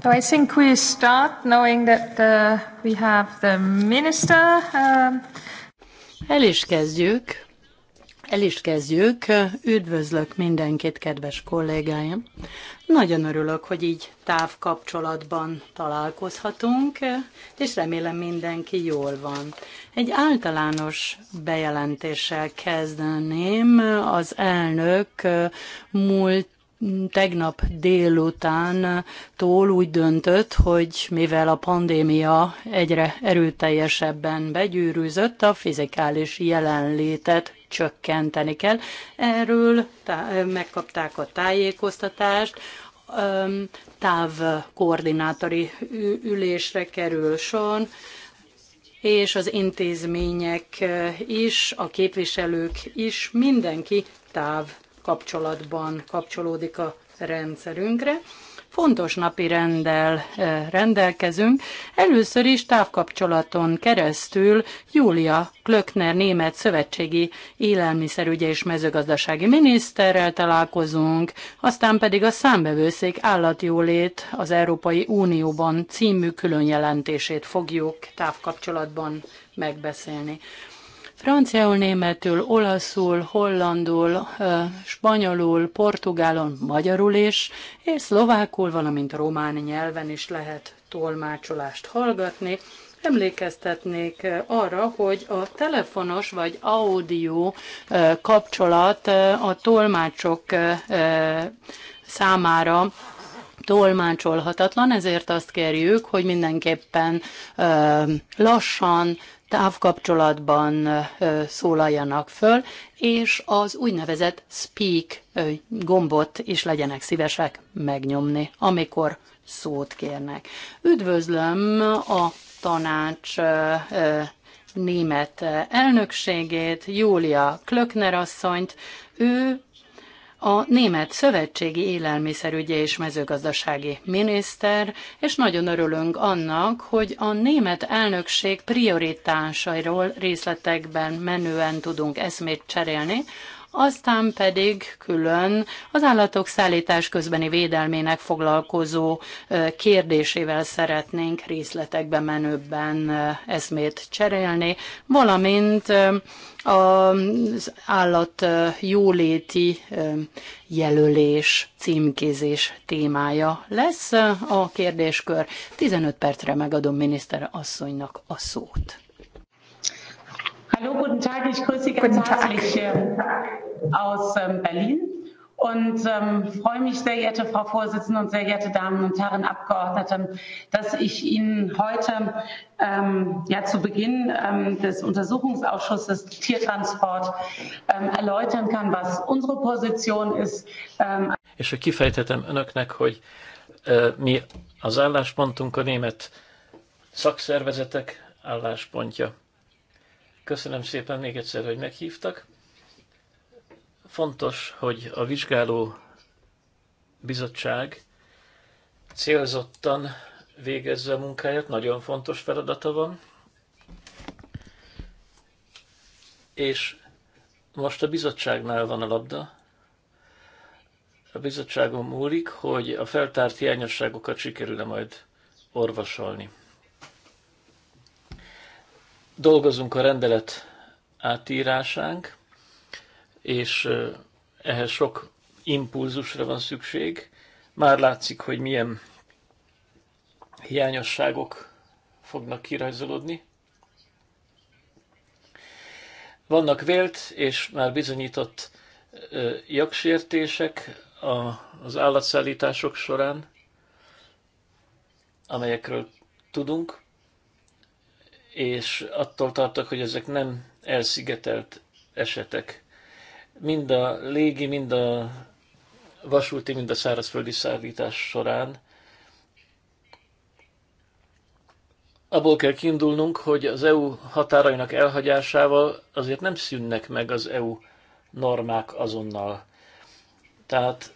So I think we start knowing that uh, we have the minister. Um... El is kezdjük. El is kezdjük. Üdvözlök mindenkit, kedves kollégáim. Nagyon örülök, hogy így távkapcsolatban találkozhatunk, és remélem mindenki jól van. Egy általános bejelentéssel kezdeném. Az elnök múlt tegnap délután tól úgy döntött, hogy mivel a pandémia egyre erőteljesebben begyűrűzött, a fizikális jelenlétet csökkenteni kell. Erről megkapták a tájékoztatást, távkoordinátori ülésre kerül son, és az intézmények is, a képviselők is, mindenki táv kapcsolatban kapcsolódik a rendszerünkre. Fontos napi rendel eh, rendelkezünk. Először is távkapcsolaton keresztül Júlia Klöckner német szövetségi élelmiszerügyi és mezőgazdasági miniszterrel találkozunk, aztán pedig a számbevőszék állatjólét az Európai Unióban című külön jelentését fogjuk távkapcsolatban megbeszélni. Franciául, németül, olaszul, hollandul, spanyolul, portugálon, magyarul is, és szlovákul, valamint román nyelven is lehet tolmácsolást hallgatni. Emlékeztetnék arra, hogy a telefonos vagy audio kapcsolat a tolmácsok számára tolmácsolhatatlan, ezért azt kérjük, hogy mindenképpen lassan, távkapcsolatban szólaljanak föl, és az úgynevezett speak gombot is legyenek szívesek megnyomni, amikor szót kérnek. Üdvözlöm a tanács német elnökségét, Júlia Klöckner asszonyt, ő a német szövetségi élelmiszerügyi és mezőgazdasági miniszter, és nagyon örülünk annak, hogy a német elnökség prioritásairól részletekben menően tudunk eszmét cserélni, aztán pedig külön az állatok szállítás közbeni védelmének foglalkozó kérdésével szeretnénk részletekbe menőbben eszmét cserélni, valamint az állat jóléti jelölés, címkézés témája lesz a kérdéskör. 15 percre megadom miniszter asszonynak a szót. Hallo, guten Tag. Ich grüße Sie ganz herzlich ähm, aus ähm, Berlin und ähm, freue mich, sehr geehrte Frau Vorsitzende und sehr geehrte Damen und Herren Abgeordnete, dass ich Ihnen heute ähm, ja, zu Beginn ähm, des Untersuchungsausschusses Tiertransport ähm, erläutern kann, was unsere Position ist. Ähm, kifejtetem önöknek, hogy mi az álláspontunk a német szakszervezetek álláspontja Köszönöm szépen még egyszer, hogy meghívtak. Fontos, hogy a vizsgáló bizottság célzottan végezze a munkáját, nagyon fontos feladata van. És most a bizottságnál van a labda. A bizottságom múlik, hogy a feltárt hiányosságokat sikerül-e majd orvosolni dolgozunk a rendelet átírásánk, és ehhez sok impulzusra van szükség. Már látszik, hogy milyen hiányosságok fognak kirajzolódni. Vannak vélt és már bizonyított jogsértések az állatszállítások során, amelyekről tudunk, és attól tartok, hogy ezek nem elszigetelt esetek. Mind a légi, mind a vasúti, mind a szárazföldi szállítás során abból kell kiindulnunk, hogy az EU határainak elhagyásával azért nem szűnnek meg az EU normák azonnal. Tehát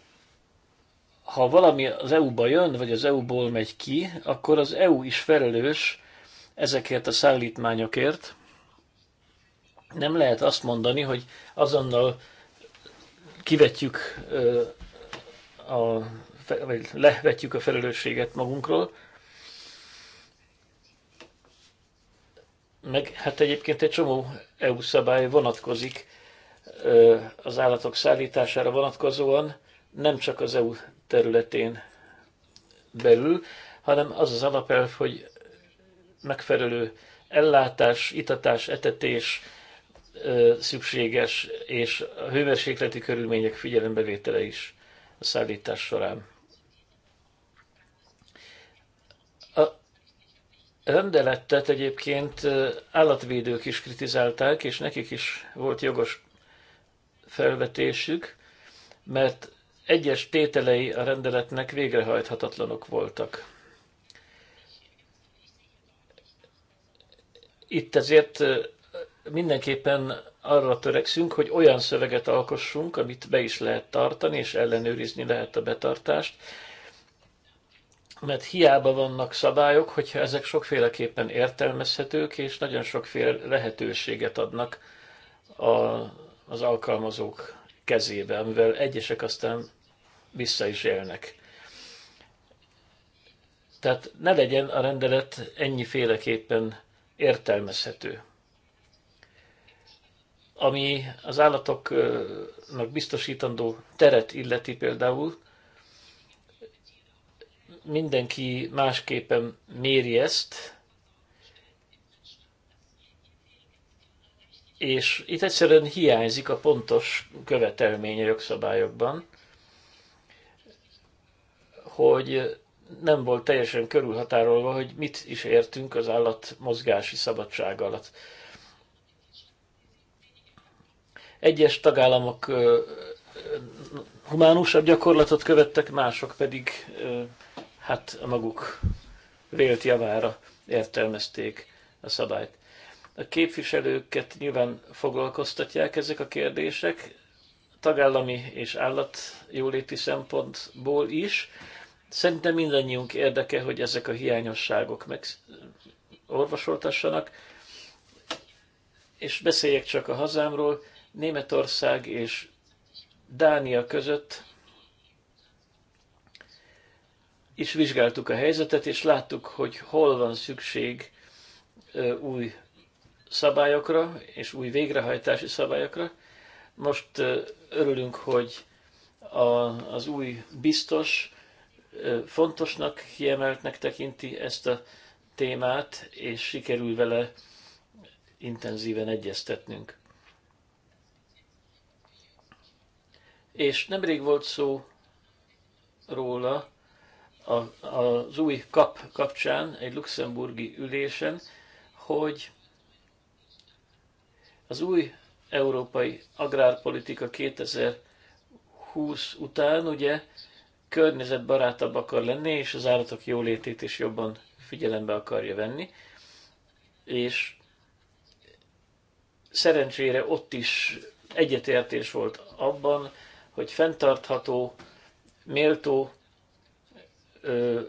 ha valami az EU-ba jön, vagy az EU-ból megy ki, akkor az EU is felelős ezekért a szállítmányokért. Nem lehet azt mondani, hogy azonnal kivetjük a, vagy levetjük a felelősséget magunkról. Meg hát egyébként egy csomó EU szabály vonatkozik az állatok szállítására vonatkozóan, nem csak az EU területén belül, hanem az az alapelv, hogy megfelelő ellátás, itatás, etetés szükséges, és a hőmérsékleti körülmények figyelembevétele is a szállítás során. A rendelettet egyébként állatvédők is kritizálták, és nekik is volt jogos felvetésük, mert egyes tételei a rendeletnek végrehajthatatlanok voltak. Itt ezért mindenképpen arra törekszünk, hogy olyan szöveget alkossunk, amit be is lehet tartani, és ellenőrizni lehet a betartást, mert hiába vannak szabályok, hogyha ezek sokféleképpen értelmezhetők, és nagyon sokféle lehetőséget adnak a, az alkalmazók kezébe, amivel egyesek aztán vissza is élnek. Tehát ne legyen a rendelet ennyiféleképpen értelmezhető. Ami az állatoknak biztosítandó teret illeti például, mindenki másképpen méri ezt, és itt egyszerűen hiányzik a pontos követelmény a jogszabályokban, hogy nem volt teljesen körülhatárolva, hogy mit is értünk az állat mozgási szabadság alatt. Egyes tagállamok humánusabb gyakorlatot követtek, mások pedig hát a maguk vélt javára értelmezték a szabályt. A képviselőket nyilván foglalkoztatják ezek a kérdések, tagállami és állatjóléti szempontból is, Szerintem mindannyiunk érdeke, hogy ezek a hiányosságok meg orvosoltassanak, és beszéljek csak a hazámról, Németország és Dánia között is vizsgáltuk a helyzetet, és láttuk, hogy hol van szükség új szabályokra és új végrehajtási szabályokra. Most örülünk, hogy az új biztos fontosnak, kiemeltnek tekinti ezt a témát, és sikerül vele intenzíven egyeztetnünk. És nemrég volt szó róla a, az új kap kapcsán, egy luxemburgi ülésen, hogy az új európai agrárpolitika 2020 után ugye környezetbarátabb akar lenni, és az állatok jólétét is jobban figyelembe akarja venni. És szerencsére ott is egyetértés volt abban, hogy fenntartható, méltó ö,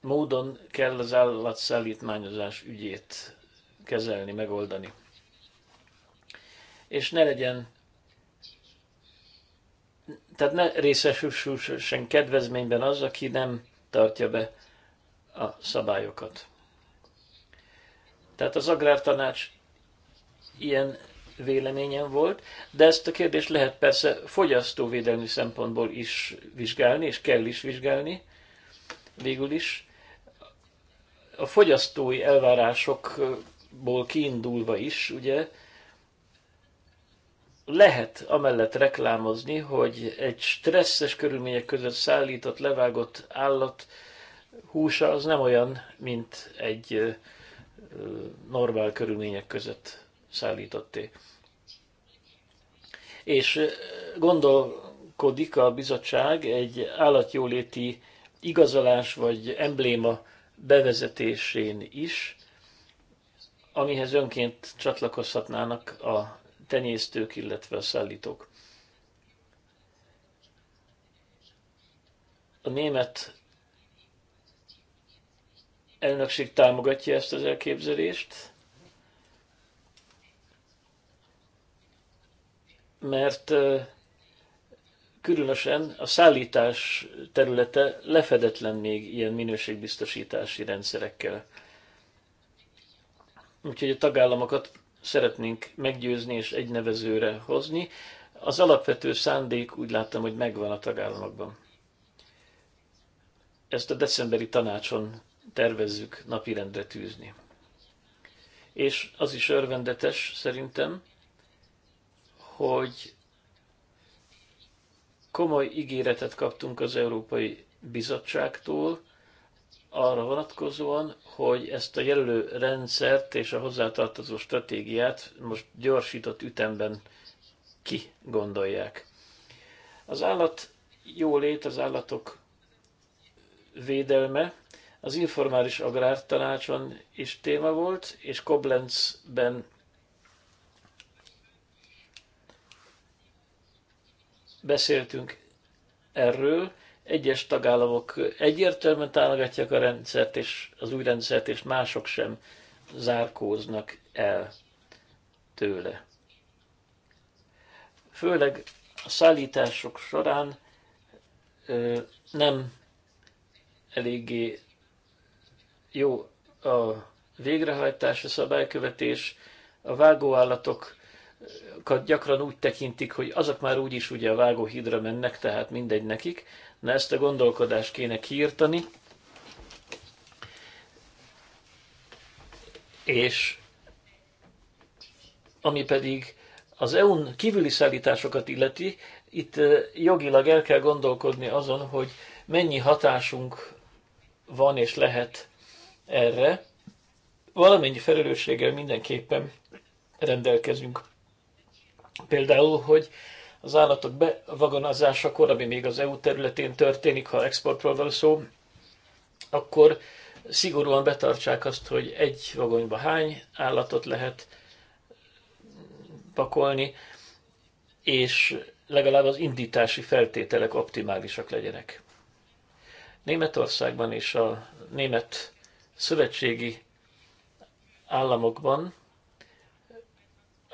módon kell az állatszállítmányozás ügyét kezelni, megoldani. És ne legyen tehát ne részesülsen kedvezményben az, aki nem tartja be a szabályokat. Tehát az agrártanács ilyen véleményen volt, de ezt a kérdést lehet persze fogyasztóvédelmi szempontból is vizsgálni, és kell is vizsgálni végül is. A fogyasztói elvárásokból kiindulva is, ugye, lehet amellett reklámozni, hogy egy stresszes körülmények között szállított, levágott állat húsa az nem olyan, mint egy normál körülmények között szállítotté. És gondolkodik a bizottság egy állatjóléti igazolás vagy embléma bevezetésén is, amihez önként csatlakozhatnának a tenyésztők, illetve a szállítók. A német elnökség támogatja ezt az elképzelést, mert különösen a szállítás területe lefedetlen még ilyen minőségbiztosítási rendszerekkel. Úgyhogy a tagállamokat szeretnénk meggyőzni és egy nevezőre hozni. Az alapvető szándék úgy láttam, hogy megvan a tagállamokban. Ezt a decemberi tanácson tervezzük napirendre tűzni. És az is örvendetes szerintem, hogy komoly ígéretet kaptunk az Európai Bizottságtól, arra vonatkozóan, hogy ezt a jelölő rendszert és a hozzátartozó stratégiát most gyorsított ütemben kigondolják. Az állat jólét, az állatok védelme az informális agrártanácson is téma volt, és Koblenzben beszéltünk erről, egyes tagállamok egyértelműen támogatják a rendszert és az új rendszert, és mások sem zárkóznak el tőle. Főleg a szállítások során ö, nem eléggé jó a végrehajtás, a szabálykövetés, a vágóállatok gyakran úgy tekintik, hogy azok már úgyis ugye a vágóhídra mennek, tehát mindegy nekik, Na ezt a gondolkodást kéne kiirtani, és ami pedig az EU-n kívüli szállításokat illeti, itt jogilag el kell gondolkodni azon, hogy mennyi hatásunk van és lehet erre. Valamennyi felelősséggel mindenképpen rendelkezünk. Például, hogy az állatok bevagonazásakor, ami még az EU területén történik, ha exportról van szó, akkor szigorúan betartsák azt, hogy egy vagonyba hány állatot lehet pakolni, és legalább az indítási feltételek optimálisak legyenek. Németországban és a német szövetségi államokban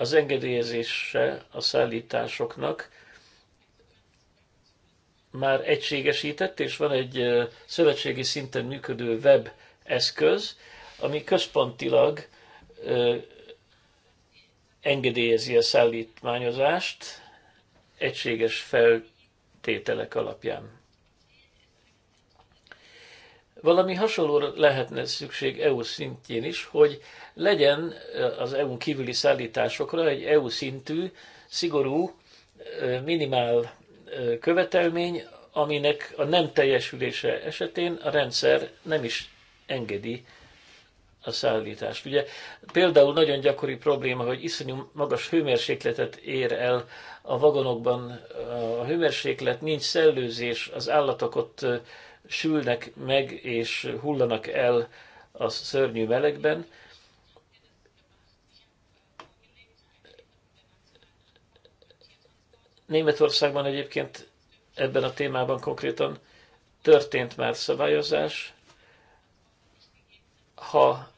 az engedélyezése a szállításoknak már egységesített, és van egy szövetségi szinten működő web eszköz, ami központilag engedélyezi a szállítmányozást egységes feltételek alapján. Valami hasonlóra lehetne szükség EU szintjén is, hogy legyen az EU-n kívüli szállításokra egy EU szintű, szigorú, minimál követelmény, aminek a nem teljesülése esetén a rendszer nem is engedi a szállítást. Ugye például nagyon gyakori probléma, hogy iszonyú magas hőmérsékletet ér el a vagonokban a hőmérséklet, nincs szellőzés, az állatok ott sülnek meg és hullanak el a szörnyű melegben. Németországban egyébként ebben a témában konkrétan történt már szabályozás. Ha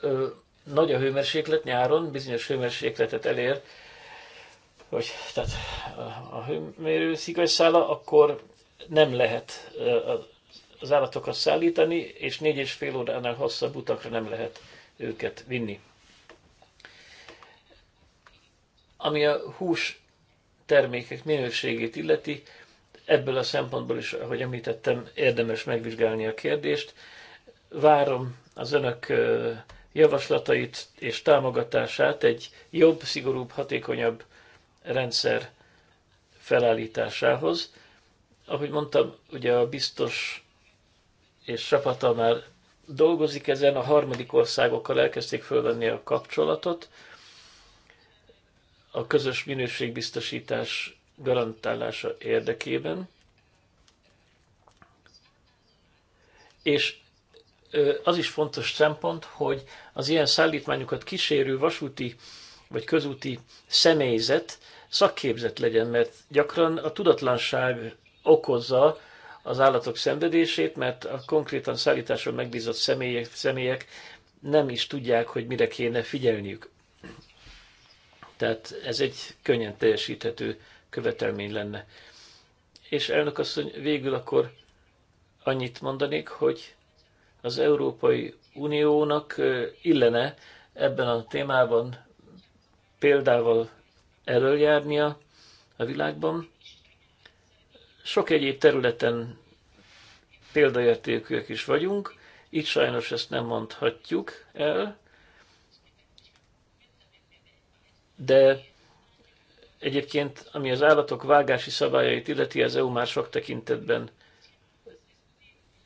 ö, nagy a hőmérséklet nyáron, bizonyos hőmérsékletet elér, hogy tehát a hőmérő szigajszála, akkor nem lehet az állatokat szállítani, és négy és fél óránál hosszabb utakra nem lehet őket vinni. Ami a hús termékek minőségét illeti, ebből a szempontból is, ahogy említettem, érdemes megvizsgálni a kérdést. Várom az önök javaslatait és támogatását egy jobb, szigorúbb, hatékonyabb rendszer felállításához. Ahogy mondtam, ugye a biztos és csapata már dolgozik ezen, a harmadik országokkal elkezdték fölvenni a kapcsolatot, a közös minőségbiztosítás garantálása érdekében. És az is fontos szempont, hogy az ilyen szállítmányokat kísérő vasúti vagy közúti személyzet szakképzett legyen, mert gyakran a tudatlanság okozza az állatok szenvedését, mert a konkrétan szállításon megbízott személyek, személyek nem is tudják, hogy mire kéne figyelniük. Tehát ez egy könnyen teljesíthető követelmény lenne. És elnök asszony, végül akkor annyit mondanék, hogy az Európai Uniónak illene ebben a témában példával elöljárnia a világban, sok egyéb területen példaértékűek is vagyunk, itt sajnos ezt nem mondhatjuk el, de egyébként, ami az állatok vágási szabályait illeti, az EU már sok tekintetben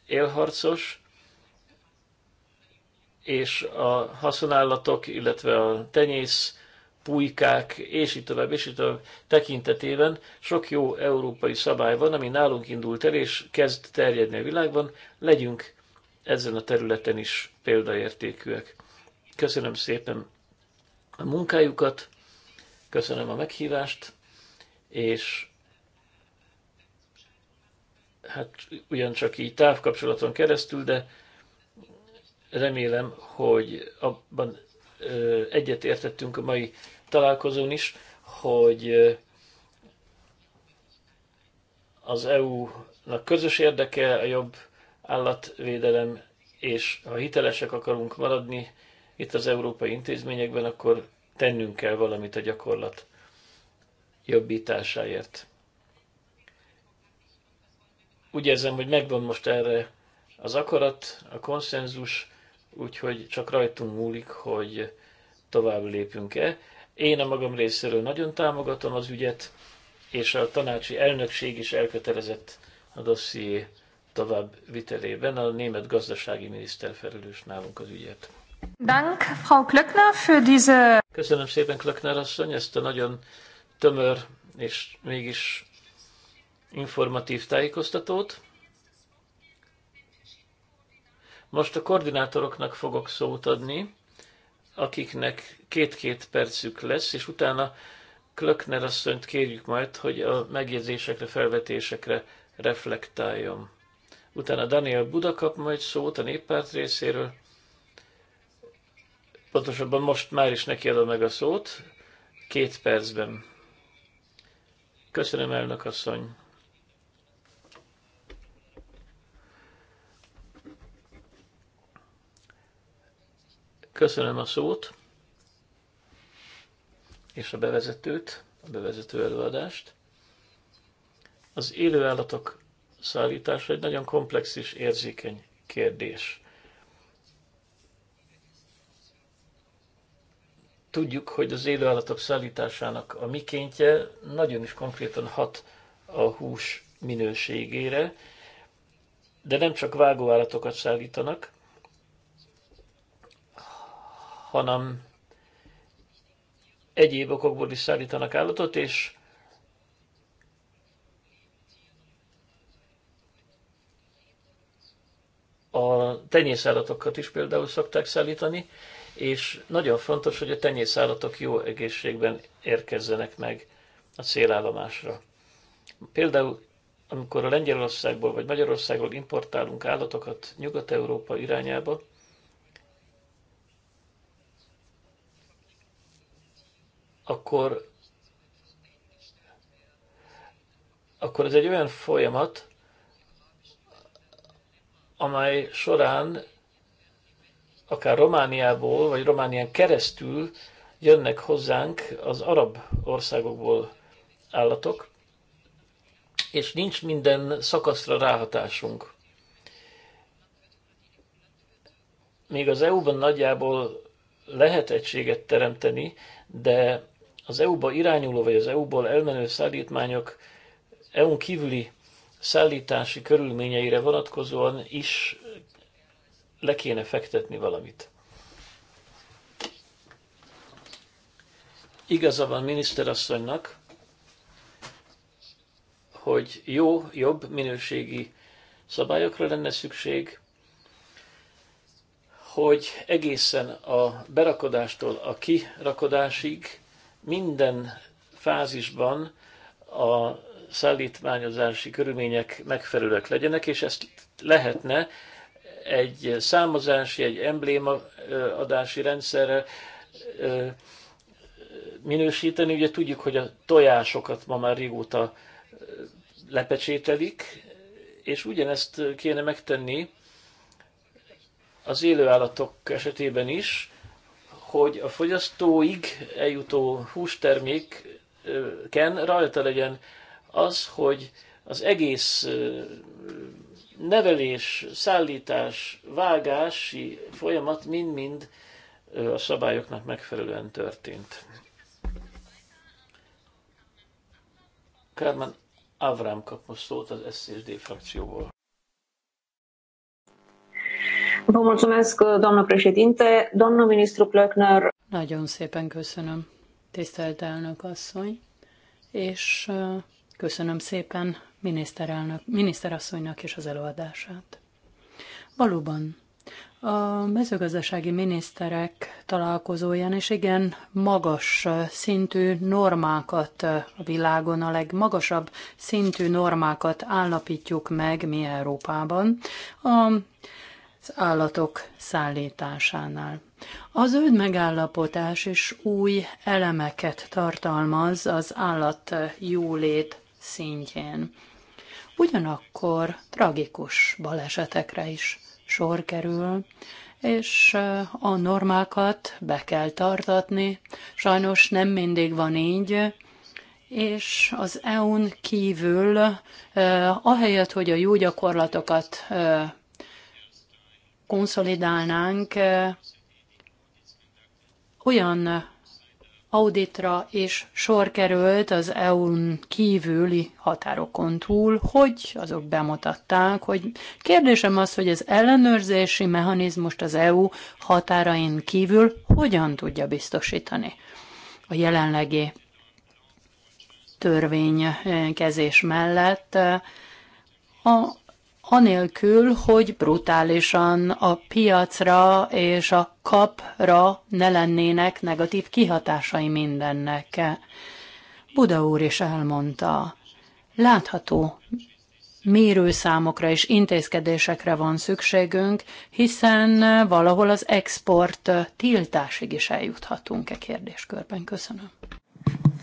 élharcos, és a haszonállatok, illetve a tenyész pulykák, és így tovább, és így tovább tekintetében sok jó európai szabály van, ami nálunk indult el, és kezd terjedni a világban. Legyünk ezen a területen is példaértékűek. Köszönöm szépen a munkájukat, köszönöm a meghívást, és hát ugyancsak így távkapcsolaton keresztül, de remélem, hogy abban egyet értettünk a mai találkozón is, hogy az EU-nak közös érdeke a jobb állatvédelem, és ha hitelesek akarunk maradni itt az európai intézményekben, akkor tennünk kell valamit a gyakorlat jobbításáért. Úgy érzem, hogy megvan most erre az akarat, a konszenzus, úgyhogy csak rajtunk múlik, hogy tovább lépünk-e. Én a magam részéről nagyon támogatom az ügyet, és a tanácsi elnökség is elkötelezett a dosszié tovább vitelében. A német gazdasági miniszter felelős nálunk az ügyet. Dank, Frau Klöckner, für diese... Köszönöm szépen, Klöckner asszony, ezt a nagyon tömör és mégis informatív tájékoztatót. Most a koordinátoroknak fogok szót adni, akiknek két-két percük lesz, és utána Klöckner asszonyt kérjük majd, hogy a megjegyzésekre, felvetésekre reflektáljon. Utána Daniel Buda kap majd szót a néppárt részéről. Pontosabban most már is neki adom meg a szót, két percben. Köszönöm, elnök asszony. Köszönöm a szót és a bevezetőt, a bevezető előadást. Az élőállatok szállítása egy nagyon komplex és érzékeny kérdés. Tudjuk, hogy az élőállatok szállításának a mikéntje nagyon is konkrétan hat a hús minőségére, de nem csak vágóállatokat szállítanak, hanem egyéb okokból is szállítanak állatot, és a tenyészállatokat is például szokták szállítani, és nagyon fontos, hogy a tenyészállatok jó egészségben érkezzenek meg a célállomásra. Például, amikor a Lengyelországból vagy Magyarországról importálunk állatokat Nyugat-Európa irányába, akkor, akkor ez egy olyan folyamat, amely során akár Romániából, vagy Románián keresztül jönnek hozzánk az arab országokból állatok, és nincs minden szakaszra ráhatásunk. Még az EU-ban nagyjából lehet egységet teremteni, de az EU-ba irányuló vagy az EU-ból elmenő szállítmányok EU-n kívüli szállítási körülményeire vonatkozóan is le kéne fektetni valamit. Igaza van miniszterasszonynak, hogy jó, jobb minőségi szabályokra lenne szükség, hogy egészen a berakodástól a kirakodásig minden fázisban a szállítmányozási körülmények megfelelőek legyenek, és ezt lehetne egy számozási, egy embléma adási rendszerre minősíteni. Ugye tudjuk, hogy a tojásokat ma már régóta lepecsételik, és ugyanezt kéne megtenni az élőállatok esetében is, hogy a fogyasztóig eljutó hústermékken rajta legyen az, hogy az egész nevelés, szállítás, vágási folyamat mind-mind a szabályoknak megfelelően történt. Kármán Avram kapott szót az SZSD frakcióból. Vă mulțumesc, doamnă președinte, doamnă ministru Plöckner. Nagyon szépen köszönöm, tisztelt elnök asszony, és köszönöm szépen miniszterelnök, miniszterasszonynak is az előadását. Valóban, a mezőgazdasági miniszterek találkozóján, és igen, magas szintű normákat a világon, a legmagasabb szintű normákat állapítjuk meg mi Európában. A az állatok szállításánál. Az őd megállapotás is új elemeket tartalmaz az állat jólét szintjén. Ugyanakkor tragikus balesetekre is sor kerül, és eh, a normákat be kell tartatni. Sajnos nem mindig van így, és az EU-n kívül, eh, ahelyett, hogy a jó gyakorlatokat eh, konszolidálnánk olyan auditra és sor került az EU-n kívüli határokon túl, hogy azok bemutatták, hogy kérdésem az, hogy az ellenőrzési mechanizmust az EU határain kívül hogyan tudja biztosítani a jelenlegi törvénykezés mellett a anélkül, hogy brutálisan a piacra és a kapra ne lennének negatív kihatásai mindennek. Buda úr is elmondta, látható mérőszámokra és intézkedésekre van szükségünk, hiszen valahol az export tiltásig is eljuthatunk e kérdéskörben. Köszönöm.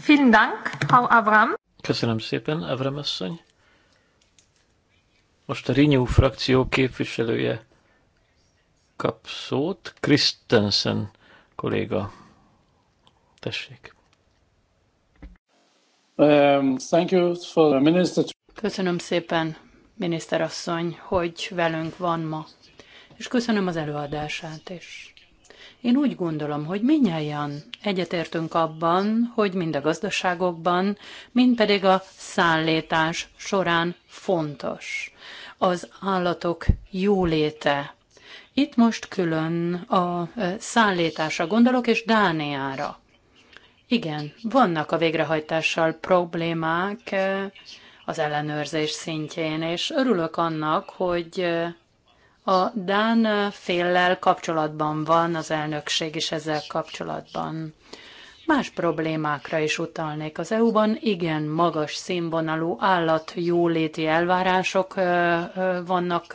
Vielen Dank, Frau Avram. Köszönöm szépen, Avram asszony. Most a Renew frakció képviselője kap szót, Christensen kolléga. Tessék. Um, thank you for the minister. Köszönöm szépen, miniszterasszony, hogy velünk van ma, és köszönöm az előadását is. Én úgy gondolom, hogy minnyáján egyetértünk abban, hogy mind a gazdaságokban, mind pedig a szállítás során fontos az állatok jóléte. Itt most külön a e, szállításra gondolok, és Dániára. Igen, vannak a végrehajtással problémák e, az ellenőrzés szintjén, és örülök annak, hogy e, a Dán féllel kapcsolatban van az elnökség is ezzel kapcsolatban. Más problémákra is utalnék. Az EU-ban igen magas színvonalú állatjóléti elvárások vannak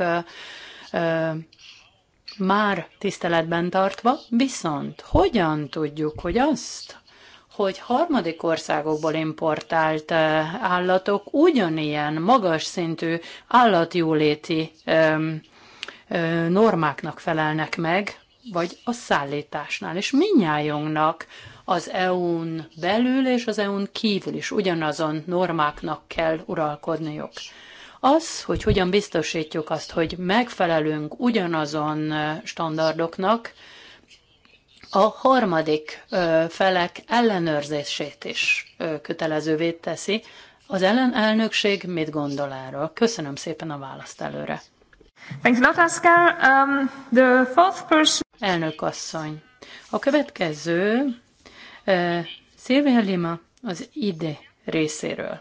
már tiszteletben tartva, viszont hogyan tudjuk, hogy azt, hogy harmadik országokból importált állatok ugyanilyen magas szintű állatjóléti normáknak felelnek meg, vagy a szállításnál. És minnyájunknak az EU-n belül és az EU-n kívül is ugyanazon normáknak kell uralkodniuk. Az, hogy hogyan biztosítjuk azt, hogy megfelelünk ugyanazon standardoknak, a harmadik felek ellenőrzését is kötelezővé teszi. Az ellenelnökség mit gondol erről? Köszönöm szépen a választ előre. Thanks a lot, Oscar. Um, the fourth person... Elnök asszony. A következő Szilvia Lima az IDE részéről.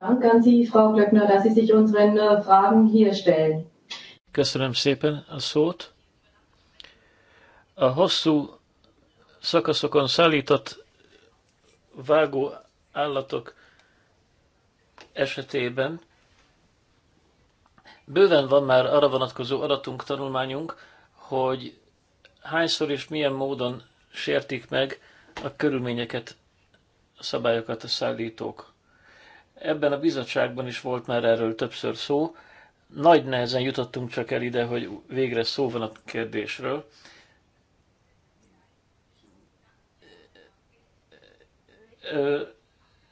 Äh, Köszönöm szépen a szót. A hosszú szakaszokon szállított vágó állatok esetében bőven van már arra vonatkozó adatunk, tanulmányunk, hogy hányszor és milyen módon sértik meg a körülményeket, a szabályokat a szállítók. Ebben a bizottságban is volt már erről többször szó. Nagy nehezen jutottunk csak el ide, hogy végre szó van a kérdésről.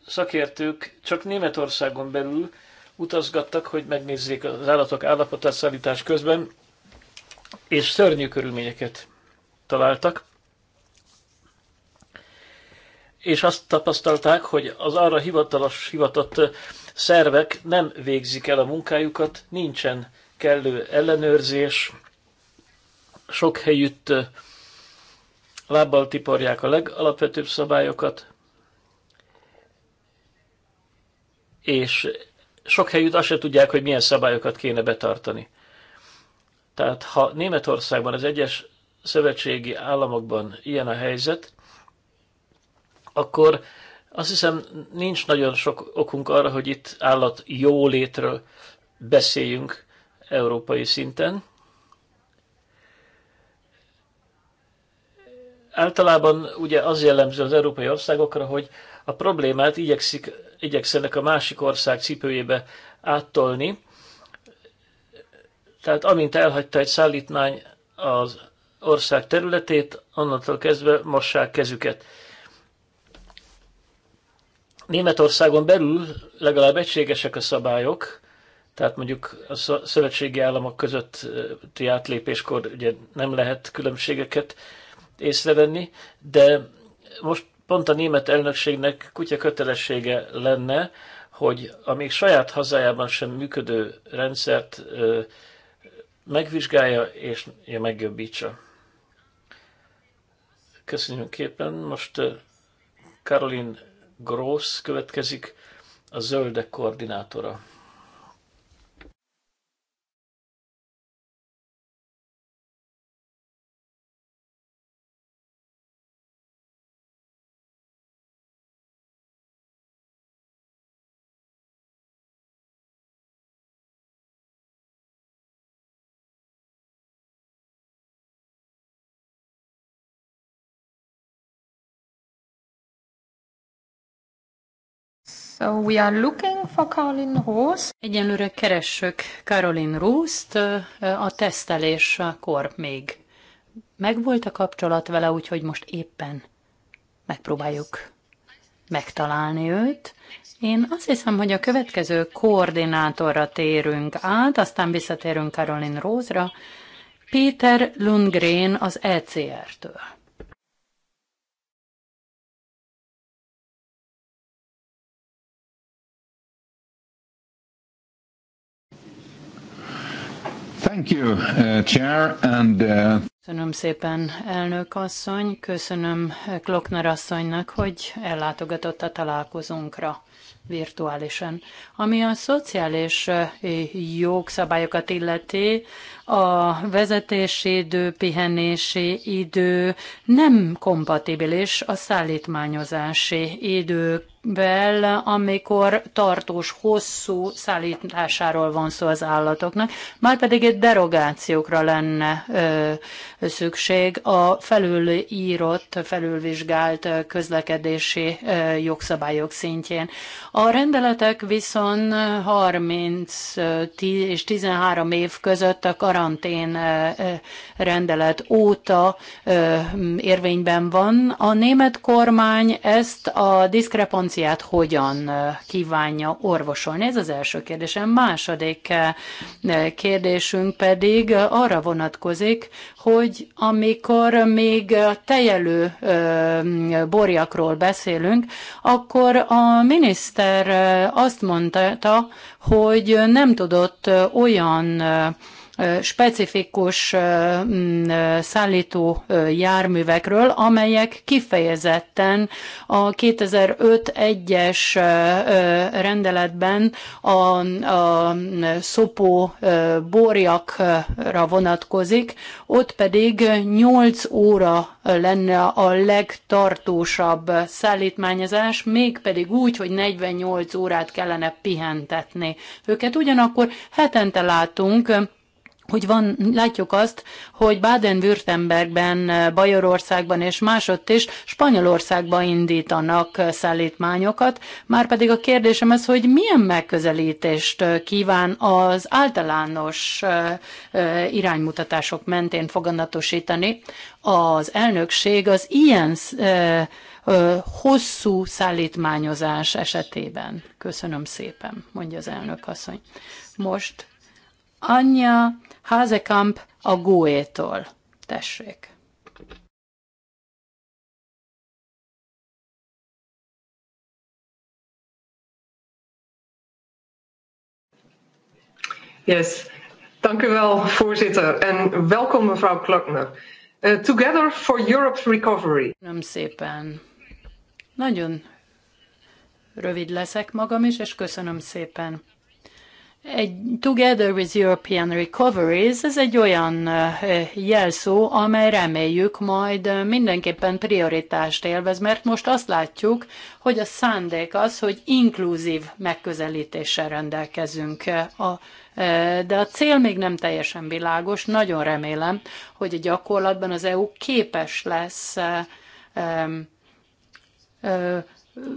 Szakértők csak Németországon belül utazgattak, hogy megnézzék az állatok állapotát szállítás közben, és szörnyű körülményeket találtak, és azt tapasztalták, hogy az arra hivatalos hivatott szervek nem végzik el a munkájukat, nincsen kellő ellenőrzés, sok helyütt lábbal tiparják a legalapvetőbb szabályokat, és sok helyütt azt se tudják, hogy milyen szabályokat kéne betartani. Tehát ha Németországban, az egyes szövetségi államokban ilyen a helyzet, akkor azt hiszem nincs nagyon sok okunk arra, hogy itt állat jólétről beszéljünk európai szinten. Általában ugye az jellemző az európai országokra, hogy a problémát igyekszik, igyekszenek a másik ország cipőjébe áttolni, tehát amint elhagyta egy szállítmány az ország területét, onnantól kezdve mossák kezüket. Németországon belül legalább egységesek a szabályok, tehát mondjuk a szövetségi államok közötti átlépéskor ugye nem lehet különbségeket észrevenni, de most pont a német elnökségnek kutya kötelessége lenne, hogy a még saját hazájában sem működő rendszert megvizsgálja és megjobbítsa. Köszönjük képen. Most Karolin eh, Gross következik, a zöldek koordinátora. So we are looking for Caroline Rose. Egyenlőre keressük Caroline Rose-t a teszteléskor még. Megvolt a kapcsolat vele, úgyhogy most éppen megpróbáljuk megtalálni őt. Én azt hiszem, hogy a következő koordinátorra térünk át, aztán visszatérünk Caroline Rose-ra. Peter Lundgren az ECR-től. Thank you, uh, Chair, and... Uh... Köszönöm szépen, elnök asszony, köszönöm eh, Klokner asszonynak, hogy ellátogatott a találkozónkra virtuálisan. Ami a szociális eh, jogszabályokat illeti, a vezetési idő, pihenési idő nem kompatibilis a szállítmányozási idő vel, amikor tartós, hosszú szállításáról van szó az állatoknak, már pedig egy derogációkra lenne ö, szükség a felülírott, felülvizsgált közlekedési ö, jogszabályok szintjén. A rendeletek viszont 30 és 13 év között a karantén rendelet óta ö, érvényben van. A német kormány ezt a diszkrepanciát dependenciát hogyan kívánja orvosolni? Ez az első kérdésem. Második kérdésünk pedig arra vonatkozik, hogy amikor még tejelő borjakról beszélünk, akkor a miniszter azt mondta, hogy nem tudott olyan specifikus mm, szállító járművekről, amelyek kifejezetten a 2005-1-es rendeletben a, a szopó borjakra vonatkozik, ott pedig 8 óra lenne a legtartósabb szállítmányozás, mégpedig úgy, hogy 48 órát kellene pihentetni őket. Ugyanakkor hetente látunk hogy van, látjuk azt, hogy Baden-Württembergben, eh, Bajorországban és másodt is Spanyolországba indítanak eh, szállítmányokat. Márpedig a kérdésem az, hogy milyen megközelítést eh, kíván az általános iránymutatások mentén foganatosítani az elnökség az ilyen hosszú szállítmányozás esetében. Köszönöm szépen, mondja az elnök asszony. Most Anya Házekamp a Góétól. Tessék. Yes, dank u wel, voorzitter. En welkom, mevrouw Klöckner. Uh, eh, Together for Europe's Recovery. Nem szépen. Nagyon rövid leszek magam is, és köszönöm szépen egy Together with European Recoveries, ez egy olyan jelszó, amely reméljük majd mindenképpen prioritást élvez, mert most azt látjuk, hogy a szándék az, hogy inkluzív megközelítéssel rendelkezünk a de a cél még nem teljesen világos. Nagyon remélem, hogy a gyakorlatban az EU képes lesz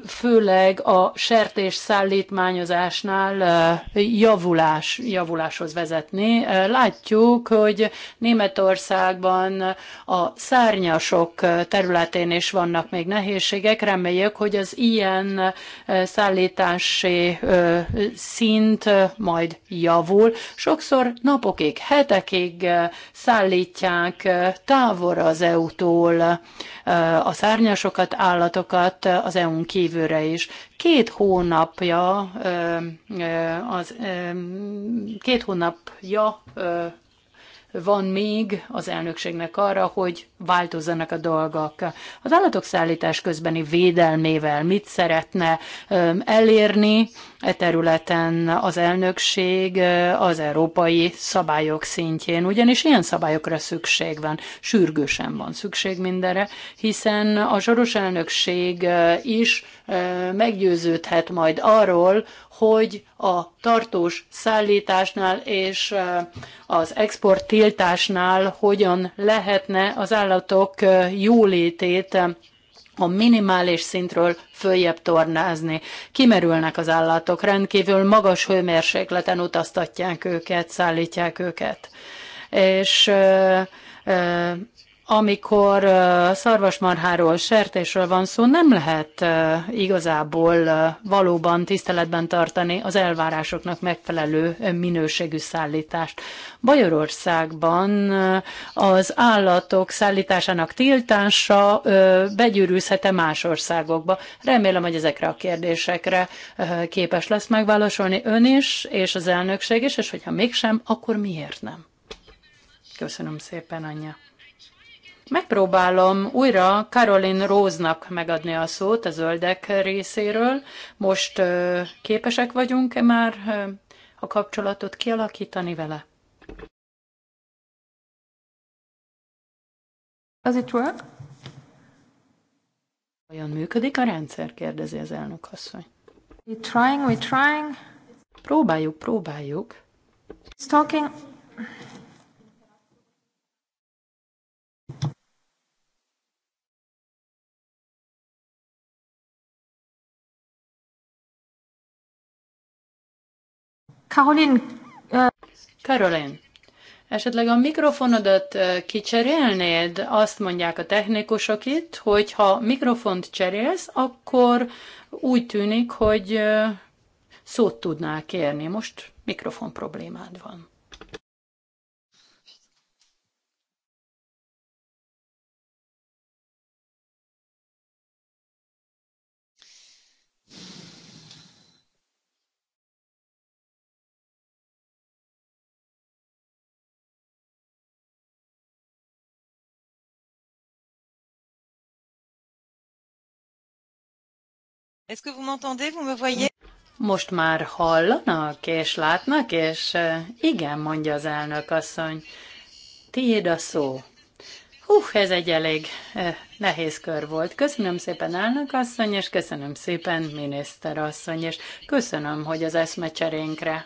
főleg a sertés szállítmányozásnál javulás, javuláshoz vezetni. Látjuk, hogy Németországban a szárnyasok területén is vannak még nehézségek. Reméljük, hogy az ilyen szállítási szint majd javul. Sokszor napokig, hetekig szállítják távol az EU-tól a szárnyasokat, állatokat az EU-n kívülre is. Két hónapja az két hónapja van még az elnökségnek arra, hogy változzanak a dolgok. Az állatok szállítás közbeni védelmével mit szeretne elérni e területen az elnökség az európai szabályok szintjén, ugyanis ilyen szabályokra szükség van, sürgősen van szükség mindenre, hiszen a soros elnökség is meggyőződhet majd arról, hogy a tartós szállításnál és az export tiltásnál hogyan lehetne az állatok jólétét a minimális szintről följebb tornázni. Kimerülnek az állatok, rendkívül magas hőmérsékleten utaztatják őket, szállítják őket. És amikor szarvasmarháról, sertésről van szó, nem lehet igazából valóban tiszteletben tartani az elvárásoknak megfelelő minőségű szállítást. Bajorországban az állatok szállításának tiltása begyűrűzhet-e más országokba? Remélem, hogy ezekre a kérdésekre képes lesz megválaszolni ön is, és az elnökség is, és hogyha mégsem, akkor miért nem? Köszönöm szépen, anyja. Megpróbálom újra Karolin Róznak megadni a szót a zöldek részéről. Most képesek vagyunk-e már a kapcsolatot kialakítani vele? Does it work? Olyan működik a rendszer, kérdezi az elnök asszony. We trying, we trying. Próbáljuk, próbáljuk. It's talking. Karolin. Karolin, esetleg a mikrofonodat kicserélnéd? Azt mondják a technikusok itt, hogy ha mikrofont cserélsz, akkor úgy tűnik, hogy szót tudnál kérni. Most mikrofon problémád van. Est-ce que vous m'entendez? Vous me voyez? Most már hallanak és látnak, és eh, igen, mondja az elnök asszony. Tiéd a szó. Hú, ez egy elég eh, Nehéz kör volt. Köszönöm szépen elnök asszony, és köszönöm szépen miniszter asszony, és köszönöm, hogy az eszmecserénkre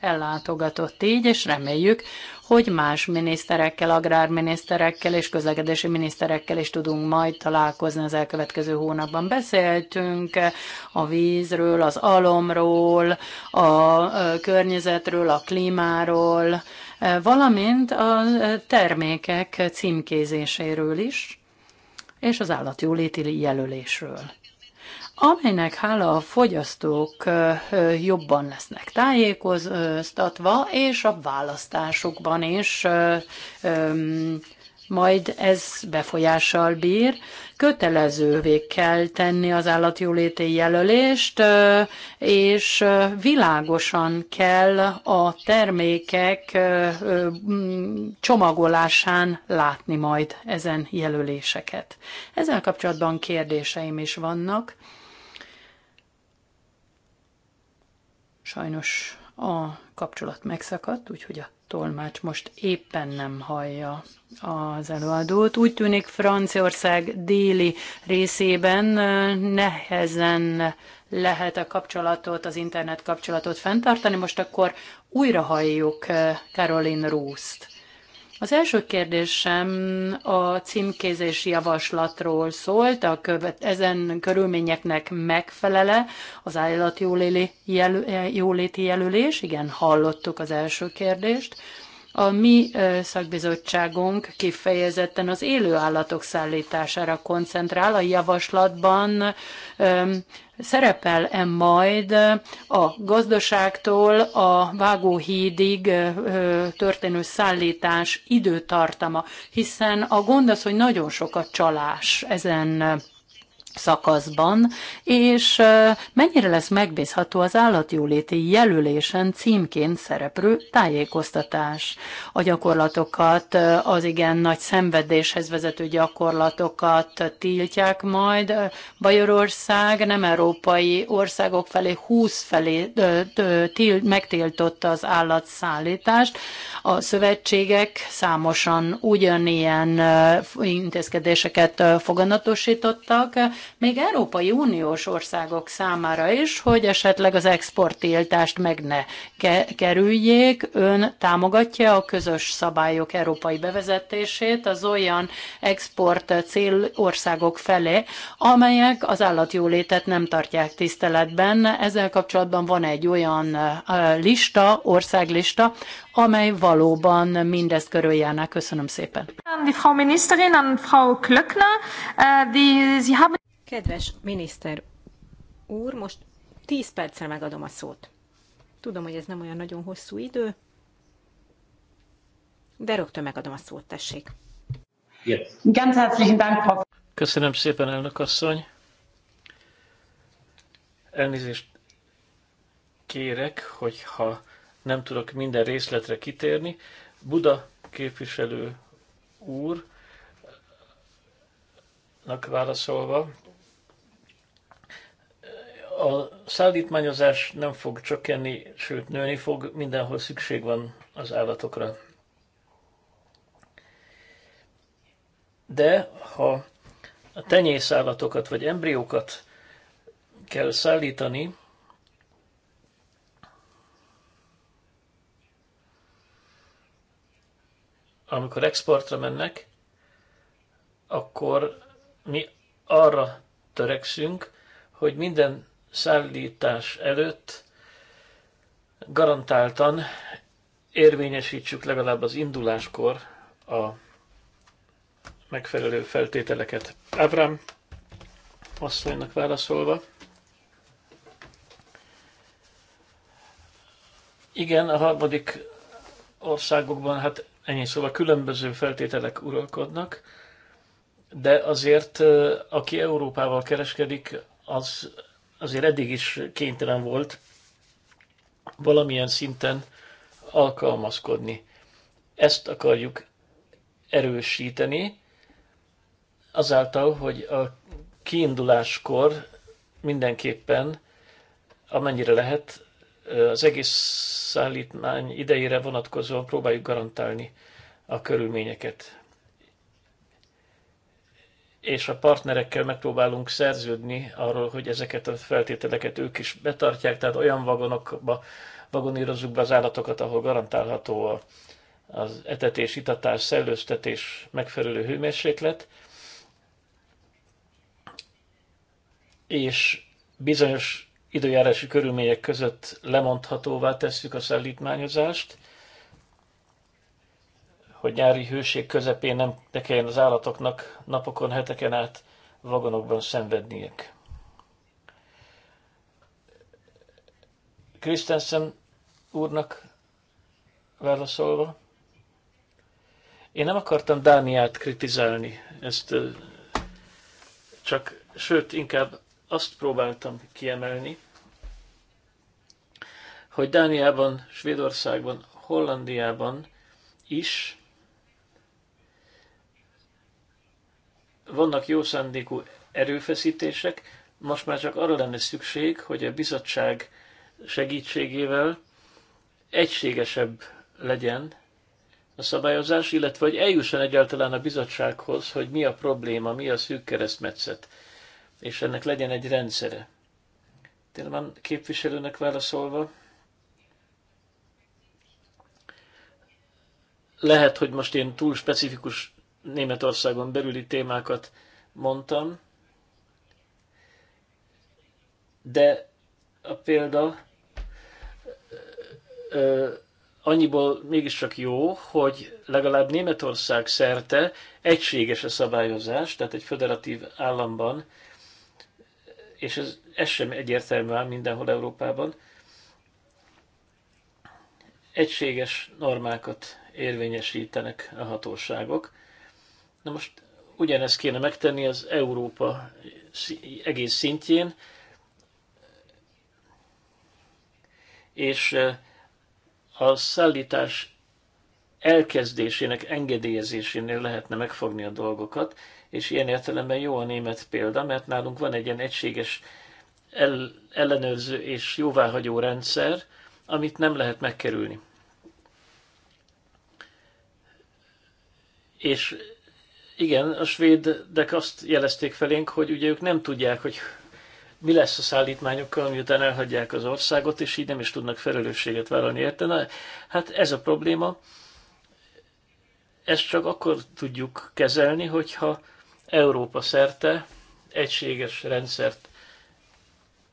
ellátogatott így, és reméljük, hogy más miniszterekkel, agrárminiszterekkel és közlekedési miniszterekkel is tudunk majd találkozni az elkövetkező hónapban. Beszéltünk a vízről, az alomról, a környezetről, a klímáról, valamint a termékek címkézéséről is és az állatjóléti jelölésről amelynek hála a fogyasztók jobban lesznek tájékoztatva, és a választásokban is majd ez befolyással bír. Kötelezővé kell tenni az állatjóléti jelölést, és világosan kell a termékek csomagolásán látni majd ezen jelöléseket. Ezzel kapcsolatban kérdéseim is vannak. Sajnos a kapcsolat megszakadt, úgyhogy a tolmács most éppen nem hallja az előadót. Úgy tűnik Franciaország déli részében nehezen lehet a kapcsolatot, az internet kapcsolatot fenntartani. Most akkor újra halljuk Caroline Roust. Az első kérdésem a címkézési javaslatról szólt, a követ, ezen körülményeknek megfelele az állatjóléti jelölés, igen, hallottuk az első kérdést. A mi szakbizottságunk kifejezetten az élő állatok szállítására koncentrál. A javaslatban szerepel-e majd a gazdaságtól a vágóhídig történő szállítás időtartama, hiszen a gond az, hogy nagyon sok a csalás ezen szakaszban, és mennyire lesz megbízható az állatjóléti jelölésen címként szereplő tájékoztatás. A gyakorlatokat, az igen nagy szenvedéshez vezető gyakorlatokat tiltják majd. Bajorország nem európai országok felé, 20 felé megtiltotta az állatszállítást. A szövetségek számosan ugyanilyen intézkedéseket foganatosítottak, még Európai Uniós országok számára is, hogy esetleg az exporttiltást meg ne ke- kerüljék. Ön támogatja a közös szabályok európai bevezetését az olyan export cél országok felé, amelyek az állatjólétet nem tartják tiszteletben. Ezzel kapcsolatban van egy olyan lista, országlista, amely valóban mindezt körüljárná. Köszönöm szépen. Äh, die Ministerin, Klöckner, Kedves miniszter úr, most 10 perccel megadom a szót. Tudom, hogy ez nem olyan nagyon hosszú idő, de rögtön megadom a szót, tessék. Köszönöm szépen, elnök asszony. Elnézést kérek, hogyha nem tudok minden részletre kitérni. Buda képviselő úr, válaszolva, a szállítmányozás nem fog csökkenni, sőt nőni fog, mindenhol szükség van az állatokra. De ha a tenyészállatokat vagy embriókat kell szállítani, amikor exportra mennek, akkor mi arra törekszünk, hogy minden szállítás előtt garantáltan érvényesítsük legalább az induláskor a megfelelő feltételeket. Ábrám asszonynak válaszolva. Igen, a harmadik országokban, hát ennyi szóval különböző feltételek uralkodnak, de azért aki Európával kereskedik, az azért eddig is kénytelen volt valamilyen szinten alkalmazkodni. Ezt akarjuk erősíteni, azáltal, hogy a kiinduláskor mindenképpen, amennyire lehet, az egész szállítmány idejére vonatkozóan próbáljuk garantálni a körülményeket és a partnerekkel megpróbálunk szerződni arról, hogy ezeket a feltételeket ők is betartják, tehát olyan vagonokba vagonírozzuk be az állatokat, ahol garantálható az etetés, itatás, szellőztetés, megfelelő hőmérséklet, és bizonyos időjárási körülmények között lemondhatóvá tesszük a szállítmányozást, hogy nyári hőség közepén nem ne kelljen az állatoknak napokon, heteken át vagonokban szenvedniek. Christensen úrnak válaszolva, én nem akartam Dániát kritizálni, ezt csak, sőt, inkább azt próbáltam kiemelni, hogy Dániában, Svédországban, Hollandiában is vannak jó szándékú erőfeszítések, most már csak arra lenne szükség, hogy a bizottság segítségével egységesebb legyen a szabályozás, illetve hogy eljusson egyáltalán a bizottsághoz, hogy mi a probléma, mi a szűk keresztmetszet, és ennek legyen egy rendszere. Tényleg képviselőnek válaszolva, lehet, hogy most én túl specifikus Németországon belüli témákat mondtam, de a példa ö, annyiból mégiscsak jó, hogy legalább Németország szerte egységes a szabályozás, tehát egy föderatív államban, és ez, ez sem egyértelmű áll mindenhol Európában, egységes normákat érvényesítenek a hatóságok. Na most ugyanezt kéne megtenni az Európa egész szintjén, és eh, a szállítás elkezdésének, engedélyezésénél lehetne megfogni a dolgokat, és ilyen értelemben jó a német példa, mert nálunk van egy ilyen egységes ellenőrző és jóváhagyó rendszer, amit nem lehet megkerülni. És igen, a svédek azt jelezték felénk, hogy ugye ők nem tudják, hogy mi lesz a szállítmányokkal, miután elhagyják az országot, és így nem is tudnak felelősséget vállalni érte. Na, hát ez a probléma. Ezt csak akkor tudjuk kezelni, hogyha Európa szerte egységes rendszert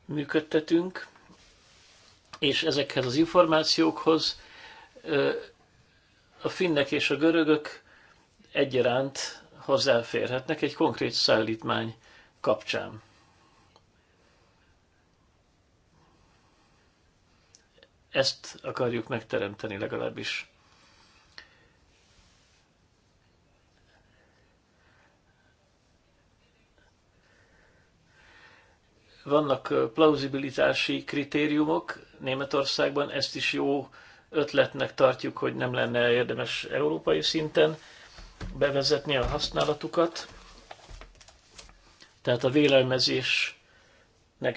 működtetünk, és ezekhez az információkhoz a finnek és a görögök egyaránt hozzáférhetnek egy konkrét szállítmány kapcsán. Ezt akarjuk megteremteni legalábbis. Vannak plauzibilitási kritériumok Németországban, ezt is jó ötletnek tartjuk, hogy nem lenne érdemes európai szinten bevezetni a használatukat. Tehát a vélelmezésnek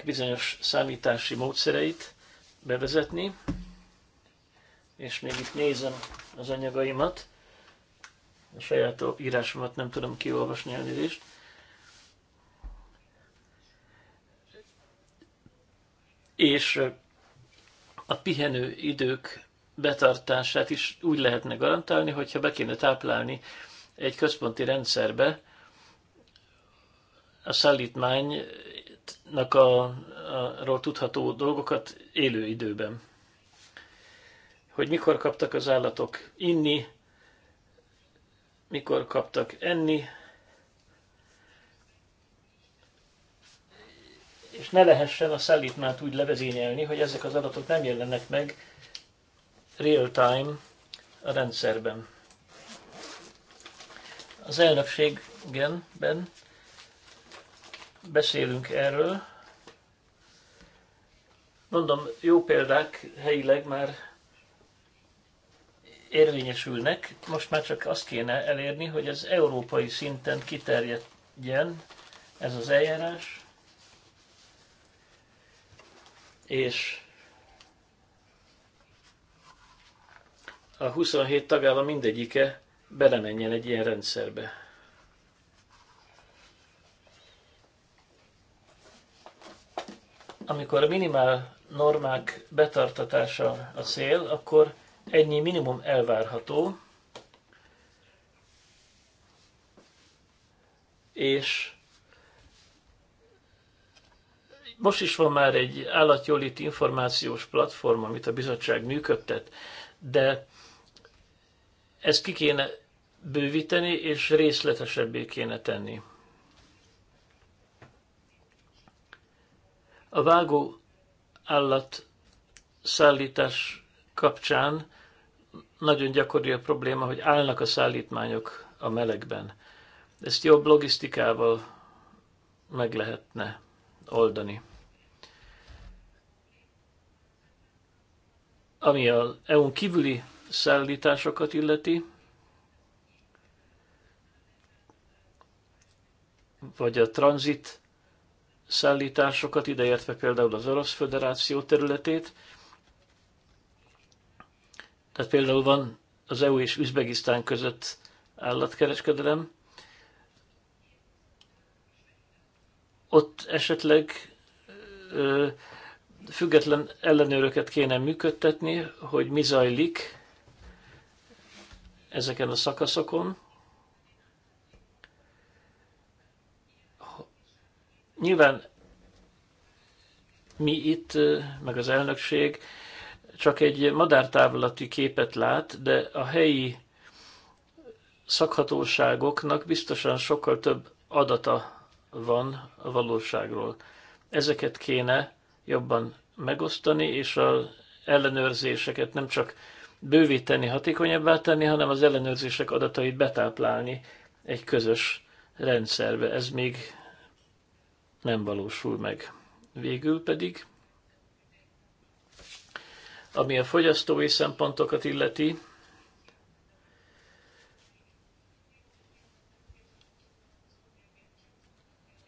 bizonyos számítási módszereit bevezetni. És még itt nézem az anyagaimat. A saját írásomat nem tudom kiolvasni elnézést. És a pihenő idők betartását is úgy lehetne garantálni, hogyha be kéne táplálni egy központi rendszerbe a szállítmánynak a, a, ról tudható dolgokat élő időben. Hogy mikor kaptak az állatok inni, mikor kaptak enni, és ne lehessen a szállítmányt úgy levezényelni, hogy ezek az adatok nem jelennek meg real-time a rendszerben. Az elnökségben beszélünk erről. Mondom, jó példák helyileg már érvényesülnek. Most már csak azt kéne elérni, hogy ez európai szinten kiterjedjen ez az eljárás, és a 27 tagállam mindegyike belemenjen egy ilyen rendszerbe. Amikor a minimál normák betartatása a cél, akkor ennyi minimum elvárható, és most is van már egy állatjólíti információs platform, amit a bizottság működtet, de ezt ki kéne bővíteni és részletesebbé kéne tenni. A vágó állat szállítás kapcsán nagyon gyakori a probléma, hogy állnak a szállítmányok a melegben. Ezt jobb logisztikával meg lehetne oldani. Ami az EU-n kívüli szállításokat illeti, vagy a tranzit szállításokat, ideértve például az Orosz Föderáció területét. Tehát például van az EU és Üzbegisztán között állatkereskedelem. Ott esetleg ö, független ellenőröket kéne működtetni, hogy mi zajlik ezeken a szakaszokon. Nyilván mi itt, meg az elnökség csak egy madártávlati képet lát, de a helyi szakhatóságoknak biztosan sokkal több adata van a valóságról. Ezeket kéne jobban megosztani, és az ellenőrzéseket nem csak bővíteni, hatékonyabbá tenni, hanem az ellenőrzések adatait betáplálni egy közös rendszerbe. Ez még nem valósul meg. Végül pedig, ami a fogyasztói szempontokat illeti,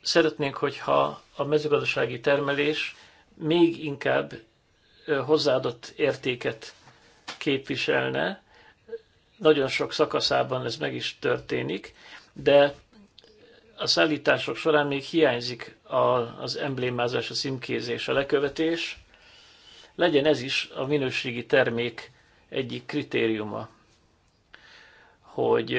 szeretnénk, hogyha a mezőgazdasági termelés még inkább hozzáadott értéket képviselne. Nagyon sok szakaszában ez meg is történik, de a szállítások során még hiányzik a, az emblémázás, a címkézés, a lekövetés. Legyen ez is a minőségi termék egyik kritériuma, hogy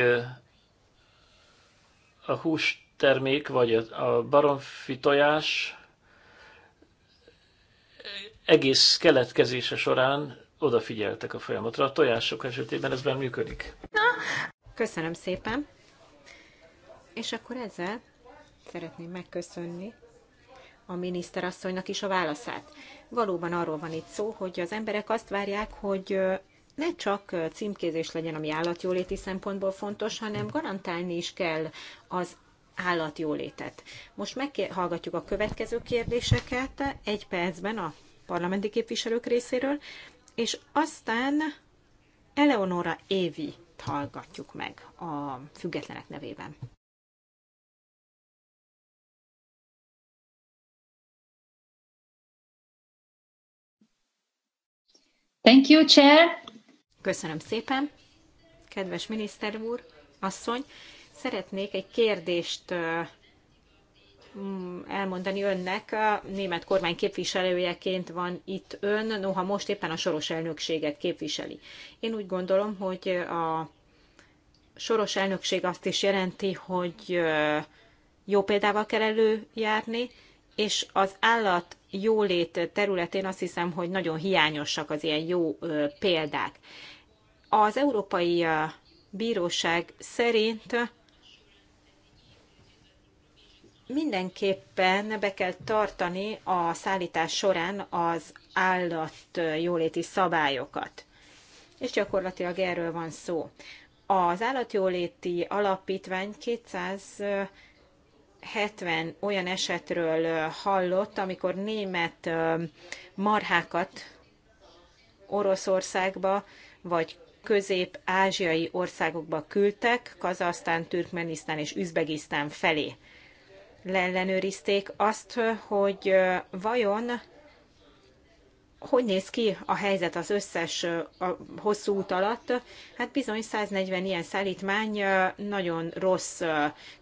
a hústermék vagy a baromfi tojás egész keletkezése során odafigyeltek a folyamatra. A tojások esetében ezben működik. Köszönöm szépen! És akkor ezzel szeretném megköszönni a miniszterasszonynak is a válaszát. Valóban arról van itt szó, hogy az emberek azt várják, hogy ne csak címkézés legyen, ami állatjóléti szempontból fontos, hanem garantálni is kell az állatjólétet. Most meghallgatjuk a következő kérdéseket egy percben a parlamenti képviselők részéről, és aztán Eleonora Évi hallgatjuk meg a függetlenek nevében. Thank you, Chair. Köszönöm szépen. Kedves miniszter úr, asszony, szeretnék egy kérdést mm, elmondani önnek, a német kormány képviselőjeként van itt ön, noha most éppen a soros elnökséget képviseli. Én úgy gondolom, hogy a soros elnökség azt is jelenti, hogy jó példával kell előjárni, és az állat jólét területén azt hiszem, hogy nagyon hiányosak az ilyen jó példák. Az Európai Bíróság szerint mindenképpen be kell tartani a szállítás során az állat jóléti szabályokat. És gyakorlatilag erről van szó. Az állatjóléti alapítvány 200 70 olyan esetről hallott, amikor német marhákat Oroszországba vagy közép-ázsiai országokba küldtek, Kazasztán, Türkmenisztán és Üzbegisztán felé. Leellenőrizték azt, hogy vajon hogy néz ki a helyzet az összes a hosszú út alatt? Hát bizony 140 ilyen szállítmány nagyon rossz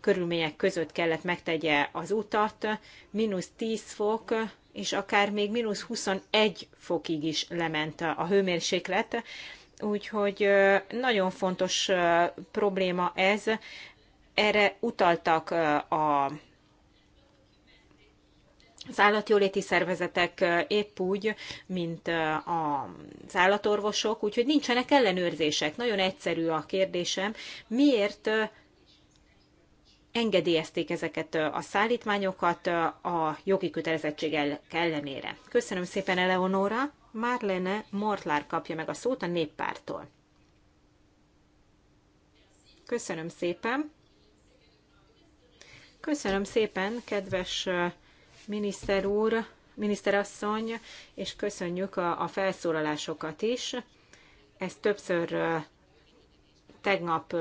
körülmények között kellett megtegye az utat, mínusz 10 fok, és akár még mínusz 21 fokig is lement a hőmérséklet, úgyhogy nagyon fontos probléma ez. Erre utaltak a az állatjóléti szervezetek épp úgy, mint az állatorvosok, úgyhogy nincsenek ellenőrzések. Nagyon egyszerű a kérdésem, miért engedélyezték ezeket a szállítmányokat a jogi kötelezettség ellenére. Köszönöm szépen, Eleonora. Marlene Mortlár kapja meg a szót a néppártól. Köszönöm szépen. Köszönöm szépen, kedves miniszter úr, miniszterasszony, és köszönjük a, a felszólalásokat is. Ez többször tegnap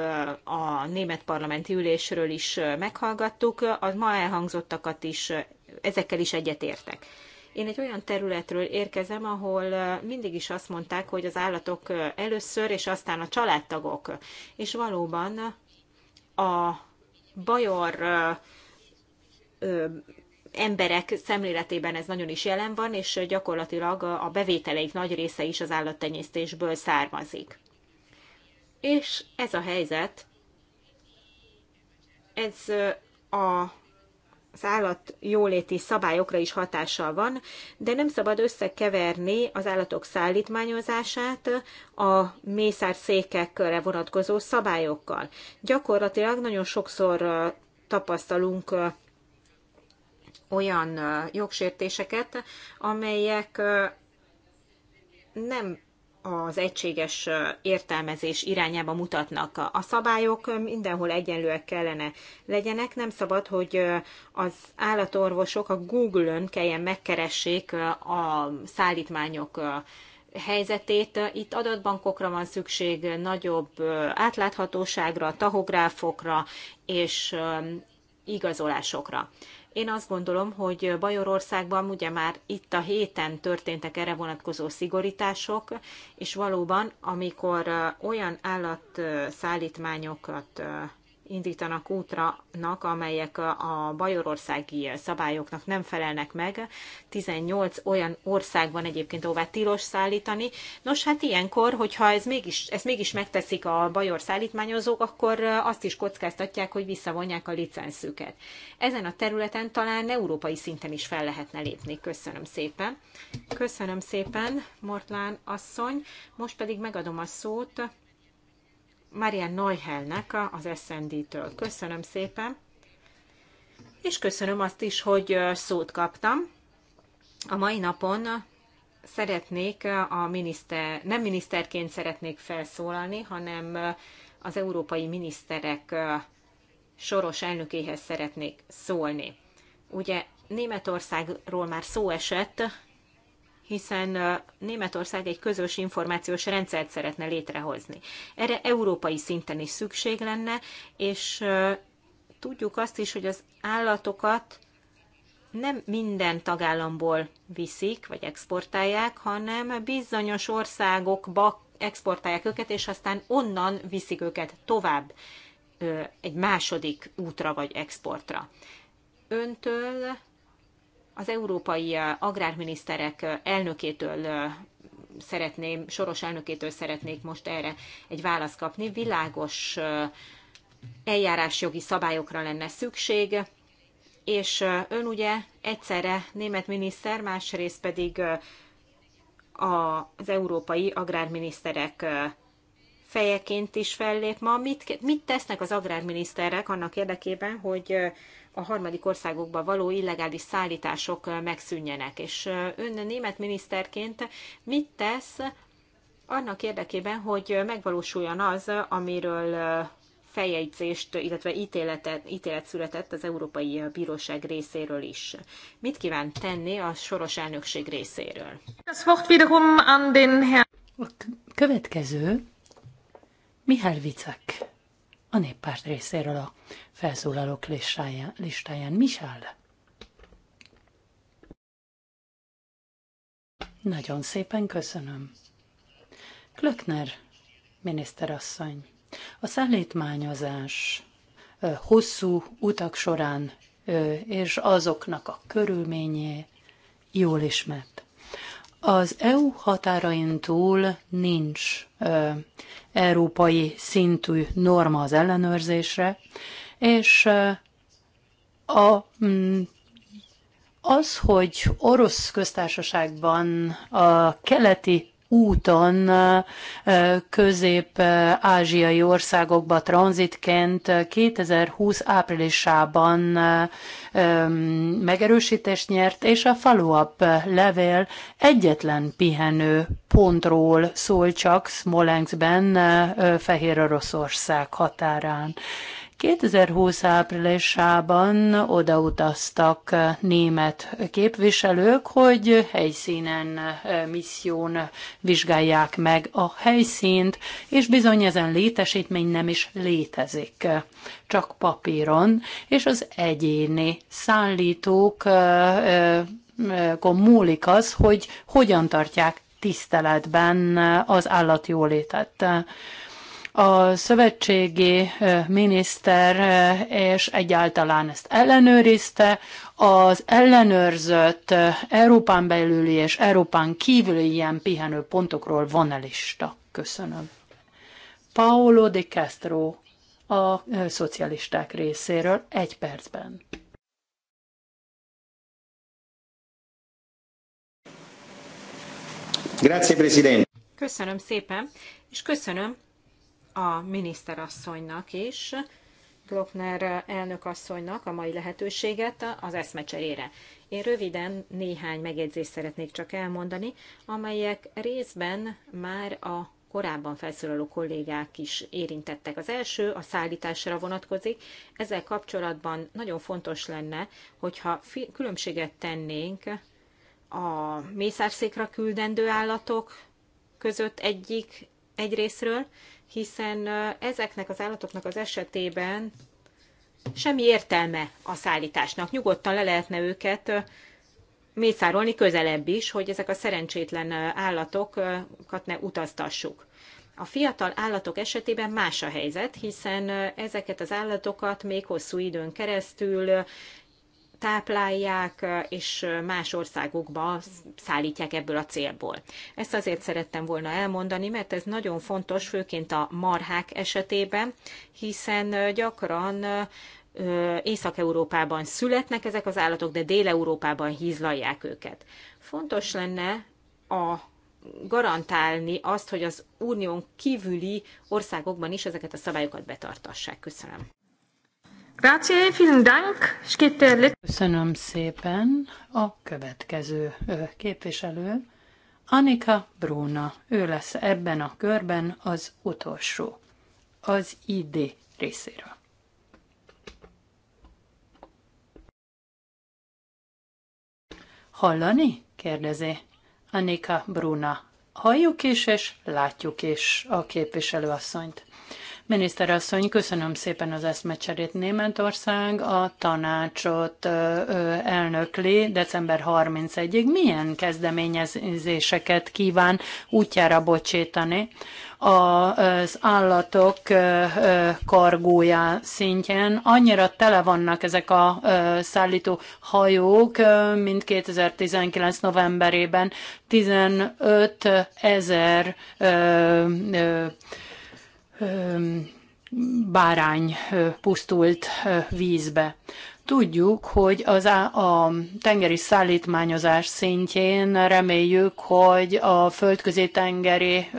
a német parlamenti ülésről is meghallgattuk, Az ma elhangzottakat is, ezekkel is egyetértek. Én egy olyan területről érkezem, ahol mindig is azt mondták, hogy az állatok először, és aztán a családtagok. És valóban a bajor emberek szemléletében ez nagyon is jelen van, és gyakorlatilag a bevételeik nagy része is az állattenyésztésből származik. És ez a helyzet, ez a az állat jóléti szabályokra is hatással van, de nem szabad összekeverni az állatok szállítmányozását a mészárszékekre vonatkozó szabályokkal. Gyakorlatilag nagyon sokszor tapasztalunk olyan jogsértéseket, amelyek nem az egységes értelmezés irányába mutatnak. A szabályok mindenhol egyenlőek kellene legyenek. Nem szabad, hogy az állatorvosok a Google-ön kelljen megkeressék a szállítmányok helyzetét. Itt adatbankokra van szükség, nagyobb átláthatóságra, tahográfokra és igazolásokra. Én azt gondolom, hogy Bajorországban ugye már itt a héten történtek erre vonatkozó szigorítások, és valóban, amikor olyan állatszállítmányokat indítanak útranak, amelyek a bajorországi szabályoknak nem felelnek meg. 18 olyan ország van egyébként, ahová tilos szállítani. Nos, hát ilyenkor, hogyha ez mégis, ezt mégis megteszik a bajor szállítmányozók, akkor azt is kockáztatják, hogy visszavonják a licenszüket. Ezen a területen talán európai szinten is fel lehetne lépni. Köszönöm szépen. Köszönöm szépen, Mortlán asszony. Most pedig megadom a szót Marian Neuhelnek az SND-től. Köszönöm szépen, és köszönöm azt is, hogy szót kaptam. A mai napon szeretnék a miniszter, nem miniszterként szeretnék felszólalni, hanem az európai miniszterek soros elnökéhez szeretnék szólni. Ugye Németországról már szó esett hiszen Németország egy közös információs rendszert szeretne létrehozni. Erre európai szinten is szükség lenne, és tudjuk azt is, hogy az állatokat nem minden tagállamból viszik, vagy exportálják, hanem bizonyos országokba exportálják őket, és aztán onnan viszik őket tovább egy második útra vagy exportra. Öntől az európai agrárminiszterek elnökétől szeretném, soros elnökétől szeretnék most erre egy választ kapni. Világos eljárásjogi szabályokra lenne szükség, és ön ugye egyszerre német miniszter, másrészt pedig az európai agrárminiszterek fejeként is fellép ma. Mit, mit tesznek az agrárminiszterek annak érdekében, hogy a harmadik országokba való illegális szállítások megszűnjenek. És ön német miniszterként mit tesz annak érdekében, hogy megvalósuljon az, amiről feljegyzést, illetve ítéletet, ítélet született az Európai Bíróság részéről is. Mit kíván tenni a soros elnökség részéről? A következő Mihály Vicek a néppárt részéről a felszólalók listáján. listáján. Michel. Nagyon szépen köszönöm. Klöckner, miniszterasszony, a szállítmányozás hosszú utak során és azoknak a körülményé jól ismert. Az EU határain túl nincs ö, európai szintű norma az ellenőrzésre, és ö, a mm, az, hogy orosz köztársaságban a keleti úton közép-ázsiai országokba tranzitként 2020 áprilisában megerősítést nyert, és a follow-up levél egyetlen pihenő pontról szól csak Smolenskben, Fehér Oroszország határán. 2020 áprilisában odautaztak német képviselők, hogy helyszínen misszión vizsgálják meg a helyszínt, és bizony ezen létesítmény nem is létezik, csak papíron, és az egyéni szállítók múlik az, hogy hogyan tartják tiszteletben az állatjólétet a szövetségi miniszter és egyáltalán ezt ellenőrizte, az ellenőrzött Európán belüli és Európán kívüli ilyen pihenő pontokról van e lista. Köszönöm. Paolo de Castro a szocialisták részéről egy percben. Grazie, Presidente. Köszönöm szépen, és köszönöm a miniszterasszonynak is, Glockner elnökasszonynak a mai lehetőséget az eszmecserére. Én röviden néhány megjegyzést szeretnék csak elmondani, amelyek részben már a korábban felszólaló kollégák is érintettek. Az első a szállításra vonatkozik. Ezzel kapcsolatban nagyon fontos lenne, hogyha különbséget tennénk a mészárszékra küldendő állatok között egyik egyrésztről, hiszen ezeknek az állatoknak az esetében semmi értelme a szállításnak. Nyugodtan le lehetne őket mészárolni közelebb is, hogy ezek a szerencsétlen állatokat ne utaztassuk. A fiatal állatok esetében más a helyzet, hiszen ezeket az állatokat még hosszú időn keresztül táplálják, és más országokba szállítják ebből a célból. Ezt azért szerettem volna elmondani, mert ez nagyon fontos, főként a marhák esetében, hiszen gyakran Észak-Európában születnek ezek az állatok, de Dél-Európában hízlalják őket. Fontos lenne a garantálni azt, hogy az unión kívüli országokban is ezeket a szabályokat betartassák. Köszönöm. Grazie, vielen Dank. Köszönöm szépen. A következő képviselő, Annika Bruna. Ő lesz ebben a körben az utolsó, az ID részéről. Hallani? kérdezi Annika Bruna. Halljuk is, és látjuk is a képviselőasszonyt. Miniszterasszony, köszönöm szépen az eszmecserét. Németország a tanácsot elnökli december 31-ig. Milyen kezdeményezéseket kíván útjára bocsétani az állatok kargója szintjén. Annyira tele vannak ezek a szállító hajók, mint 2019 novemberében 15 ezer bárány pusztult vízbe. Tudjuk, hogy az a tengeri szállítmányozás szintjén reméljük, hogy a földközi tengeri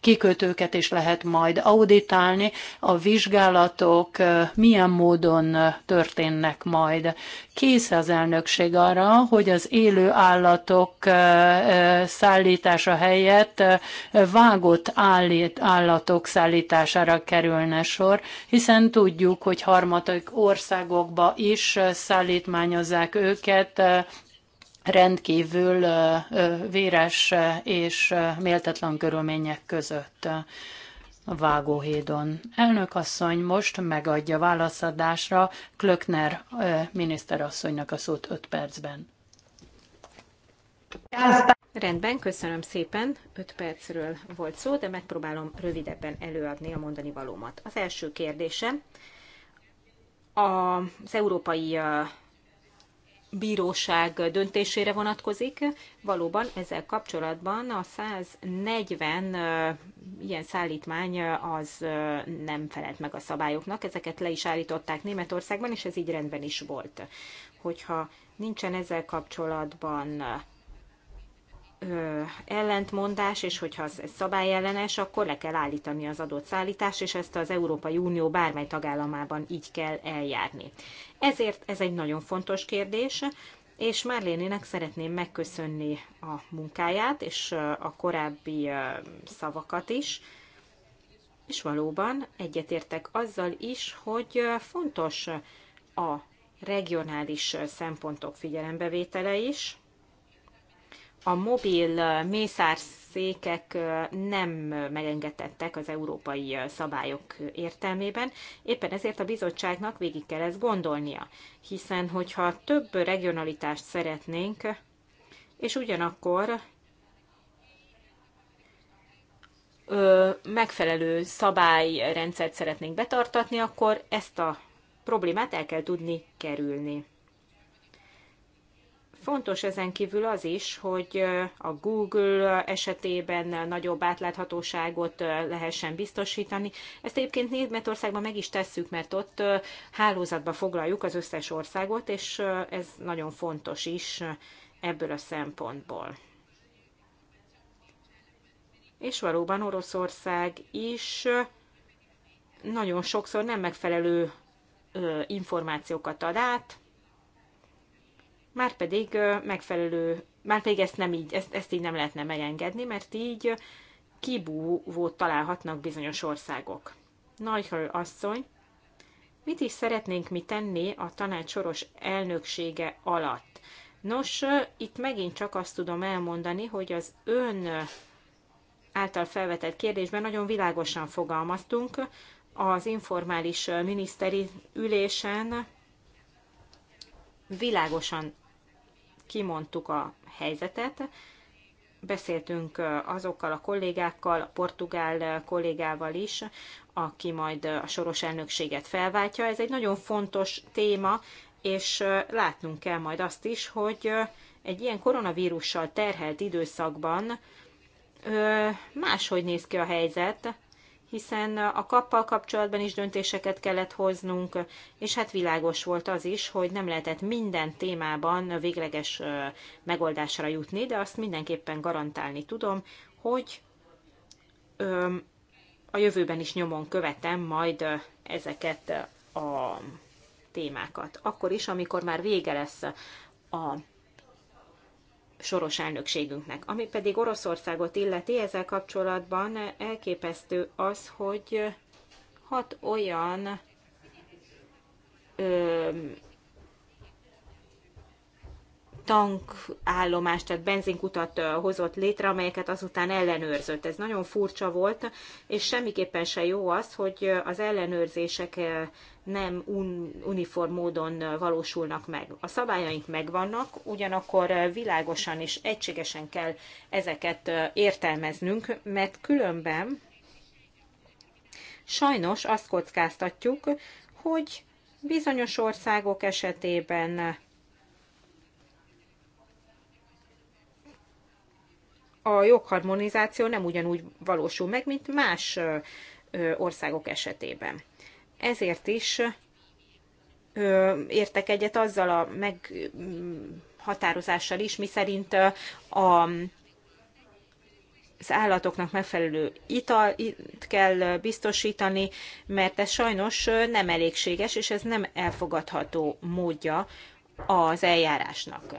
kikötőket is lehet majd auditálni, a vizsgálatok milyen módon történnek majd, Kész az elnökség arra, hogy az élő állatok szállítása helyett vágott állatok szállítására kerülne sor, hiszen tudjuk, hogy harmadik országokba is szállítmányozzák őket, rendkívül véres és méltatlan körülmények között. Vágóhédon. Elnök asszony most megadja válaszadásra Klöckner miniszterasszonynak a szót 5 percben. Rendben, köszönöm szépen. 5 percről volt szó, de megpróbálom rövidebben előadni a mondani valómat. Az első kérdésem az európai bíróság döntésére vonatkozik. Valóban ezzel kapcsolatban a 140 ilyen szállítmány az nem felelt meg a szabályoknak. Ezeket le is állították Németországban, és ez így rendben is volt. Hogyha nincsen ezzel kapcsolatban ellentmondás, és hogyha ez szabályellenes, akkor le kell állítani az adott szállítást, és ezt az Európai Unió bármely tagállamában így kell eljárni. Ezért ez egy nagyon fontos kérdés, és Márlénének szeretném megköszönni a munkáját, és a korábbi szavakat is, és valóban egyetértek azzal is, hogy fontos a regionális szempontok figyelembevétele is, a mobil mészárszékek nem megengedettek az európai szabályok értelmében. Éppen ezért a bizottságnak végig kell ezt gondolnia, hiszen hogyha több regionalitást szeretnénk, és ugyanakkor ö, megfelelő szabályrendszert szeretnénk betartatni, akkor ezt a problémát el kell tudni kerülni. Fontos ezen kívül az is, hogy a Google esetében nagyobb átláthatóságot lehessen biztosítani. Ezt egyébként Németországban meg is tesszük, mert ott hálózatba foglaljuk az összes országot, és ez nagyon fontos is ebből a szempontból. És valóban Oroszország is nagyon sokszor nem megfelelő információkat ad át, márpedig megfelelő, márpedig ezt nem így, ezt, ezt így nem lehetne megengedni, mert így kibúvót találhatnak bizonyos országok. Nagyhő asszony, mit is szeretnénk mi tenni a tanács soros elnöksége alatt? Nos, itt megint csak azt tudom elmondani, hogy az ön által felvetett kérdésben nagyon világosan fogalmaztunk az informális miniszteri ülésen, világosan kimondtuk a helyzetet, beszéltünk azokkal a kollégákkal, a portugál kollégával is, aki majd a soros elnökséget felváltja. Ez egy nagyon fontos téma, és látnunk kell majd azt is, hogy egy ilyen koronavírussal terhelt időszakban máshogy néz ki a helyzet, hiszen a kappal kapcsolatban is döntéseket kellett hoznunk, és hát világos volt az is, hogy nem lehetett minden témában végleges megoldásra jutni, de azt mindenképpen garantálni tudom, hogy a jövőben is nyomon követem majd ezeket a témákat. Akkor is, amikor már vége lesz a soros elnökségünknek. Ami pedig Oroszországot illeti, ezzel kapcsolatban elképesztő az, hogy hat olyan ö, tankállomást, tehát benzinkutat hozott létre, amelyeket azután ellenőrzött. Ez nagyon furcsa volt, és semmiképpen se jó az, hogy az ellenőrzések nem un- uniform módon valósulnak meg. A szabályaink megvannak, ugyanakkor világosan és egységesen kell ezeket értelmeznünk, mert különben sajnos azt kockáztatjuk, hogy bizonyos országok esetében a jogharmonizáció nem ugyanúgy valósul meg, mint más országok esetében. Ezért is értek egyet azzal a meghatározással mm, is, miszerint a az állatoknak megfelelő italt kell biztosítani, mert ez sajnos nem elégséges, és ez nem elfogadható módja az eljárásnak.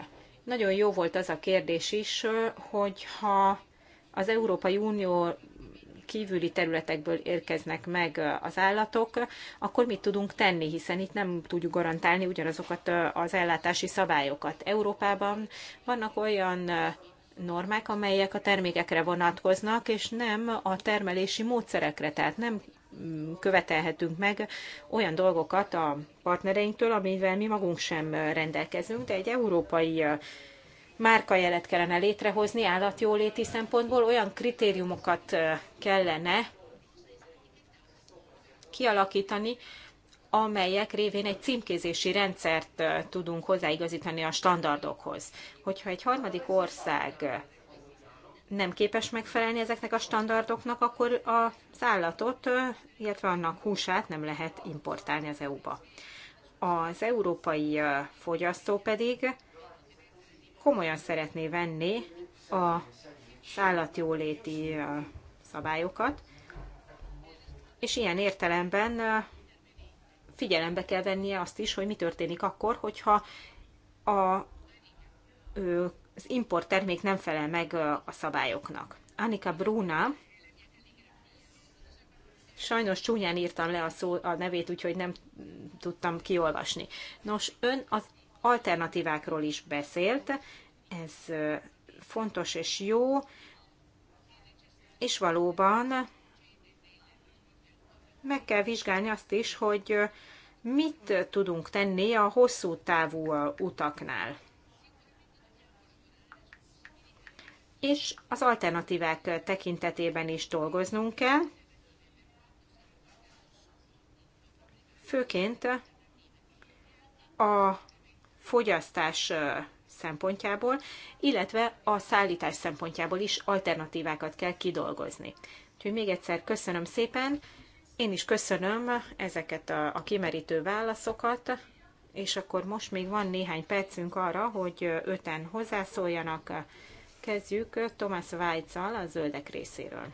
Nagyon jó volt az a kérdés is, hogyha az Európai Unió kívüli területekből érkeznek meg az állatok, akkor mit tudunk tenni, hiszen itt nem tudjuk garantálni ugyanazokat az ellátási szabályokat. Európában vannak olyan normák, amelyek a termékekre vonatkoznak, és nem a termelési módszerekre, tehát nem Mm, követelhetünk meg olyan dolgokat a partnereinktől, amivel mi magunk sem rendelkezünk, de egy európai márkajelet kellene létrehozni állatjóléti szempontból, olyan kritériumokat kellene kialakítani, amelyek révén egy címkézési rendszert tudunk hozzáigazítani a standardokhoz. Hogyha egy harmadik ország nem képes megfelelni ezeknek a standardoknak, akkor az állatot, illetve annak húsát nem lehet importálni az EU-ba. Az európai fogyasztó pedig komolyan szeretné venni a állatjóléti szabályokat, és ilyen értelemben figyelembe kell vennie azt is, hogy mi történik akkor, hogyha a az importtermék nem felel meg a szabályoknak. Annika Bruna, sajnos csúnyán írtam le a, szó, a nevét, úgyhogy nem tudtam kiolvasni. Nos, ön az alternatívákról is beszélt, ez fontos és jó, és valóban meg kell vizsgálni azt is, hogy mit tudunk tenni a hosszú távú utaknál. és az alternatívák tekintetében is dolgoznunk kell, főként a fogyasztás szempontjából, illetve a szállítás szempontjából is alternatívákat kell kidolgozni. Úgyhogy még egyszer köszönöm szépen, én is köszönöm ezeket a, a kimerítő válaszokat, és akkor most még van néhány percünk arra, hogy öten hozzászóljanak, Kezdjük Thomas Weitz-al a zöldek részéről.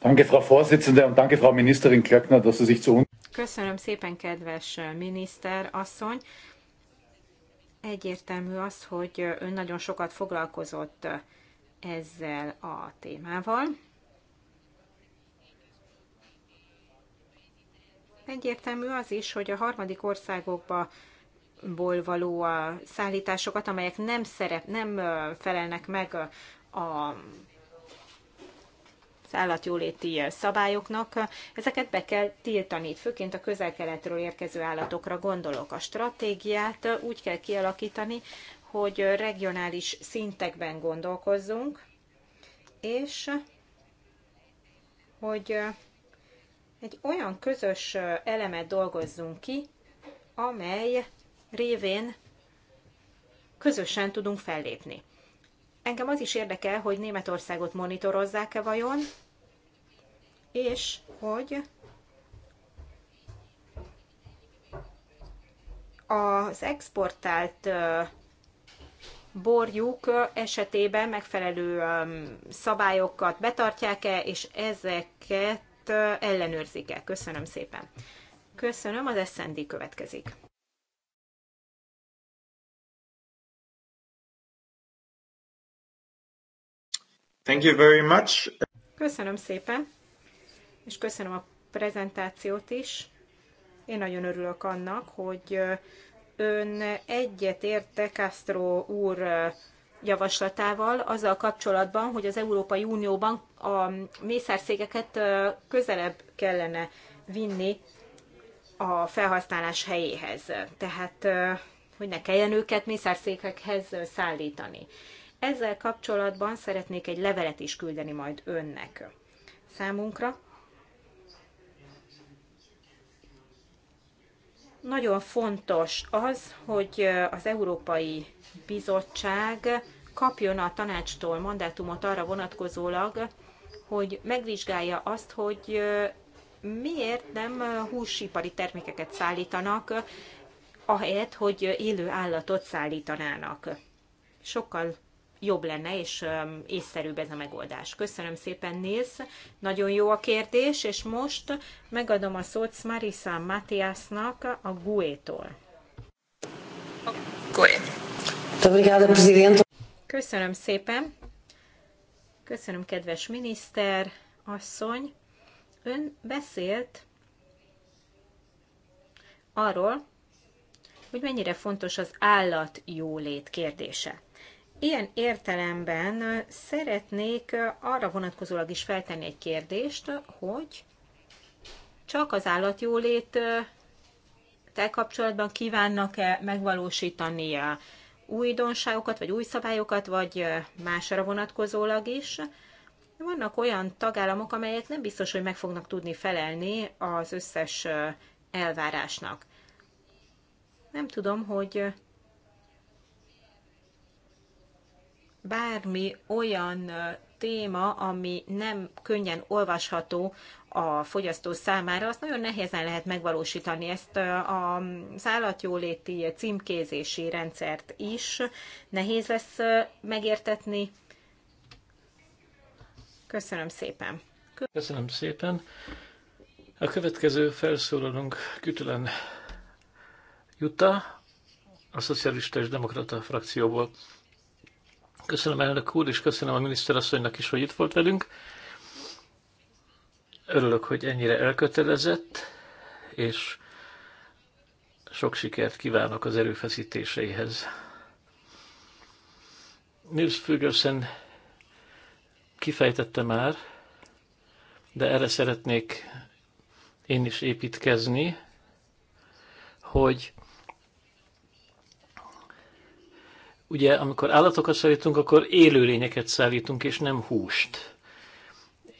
Danke, Frau Vorsitzende, und danke, Frau Ministerin Klöckner, dass Sie sich zu uns... Köszönöm szépen, kedves miniszter asszony. Egyértelmű az, hogy ön nagyon sokat foglalkozott ezzel a témával. Egyértelmű az is, hogy a harmadik országokba ból való szállításokat, amelyek nem, szerep, nem felelnek meg a állatjóléti szabályoknak, ezeket be kell tiltani, főként a közel-keletről érkező állatokra gondolok. A stratégiát úgy kell kialakítani, hogy regionális szintekben gondolkozzunk, és hogy egy olyan közös elemet dolgozzunk ki, amely révén közösen tudunk fellépni. Engem az is érdekel, hogy Németországot monitorozzák-e vajon, és hogy az exportált borjuk esetében megfelelő szabályokat betartják-e, és ezeket ellenőrzik-e. Köszönöm szépen. Köszönöm, az eszendi következik. Thank you very much. Köszönöm szépen, és köszönöm a prezentációt is. Én nagyon örülök annak, hogy ön egyet érte Castro úr javaslatával azzal kapcsolatban, hogy az Európai Unióban a mészárszégeket közelebb kellene vinni a felhasználás helyéhez. Tehát, hogy ne kelljen őket mészárszékekhez szállítani. Ezzel kapcsolatban szeretnék egy levelet is küldeni majd önnek számunkra. Nagyon fontos az, hogy az Európai Bizottság kapjon a tanácstól mandátumot arra vonatkozólag, hogy megvizsgálja azt, hogy miért nem húsipari termékeket szállítanak, ahelyett, hogy élő állatot szállítanának. Sokkal jobb lenne, és észszerűbb ez a megoldás. Köszönöm szépen, Nils. Nagyon jó a kérdés, és most megadom a szót Marisa Matiasnak a GUE-tól. E. Köszönöm szépen. Köszönöm, kedves miniszter, asszony. Ön beszélt arról, hogy mennyire fontos az állat jólét kérdése. Ilyen értelemben szeretnék arra vonatkozólag is feltenni egy kérdést, hogy csak az állatjólét te kapcsolatban kívánnak-e megvalósítani a újdonságokat, vagy új szabályokat, vagy másra vonatkozólag is. Vannak olyan tagállamok, amelyek nem biztos, hogy meg fognak tudni felelni az összes elvárásnak. Nem tudom, hogy bármi olyan téma, ami nem könnyen olvasható a fogyasztó számára, azt nagyon nehézen lehet megvalósítani ezt a szállatjóléti címkézési rendszert is. Nehéz lesz megértetni. Köszönöm szépen. Köszönöm szépen. A következő felszólalunk Kütülen Juta, a Szocialista és Demokrata frakcióból. Köszönöm elnök úr, és köszönöm a miniszterasszonynak is, hogy itt volt velünk. Örülök, hogy ennyire elkötelezett, és sok sikert kívánok az erőfeszítéseihez. Nils Fügersen kifejtette már, de erre szeretnék én is építkezni, hogy ugye amikor állatokat szállítunk, akkor élőlényeket szállítunk, és nem húst.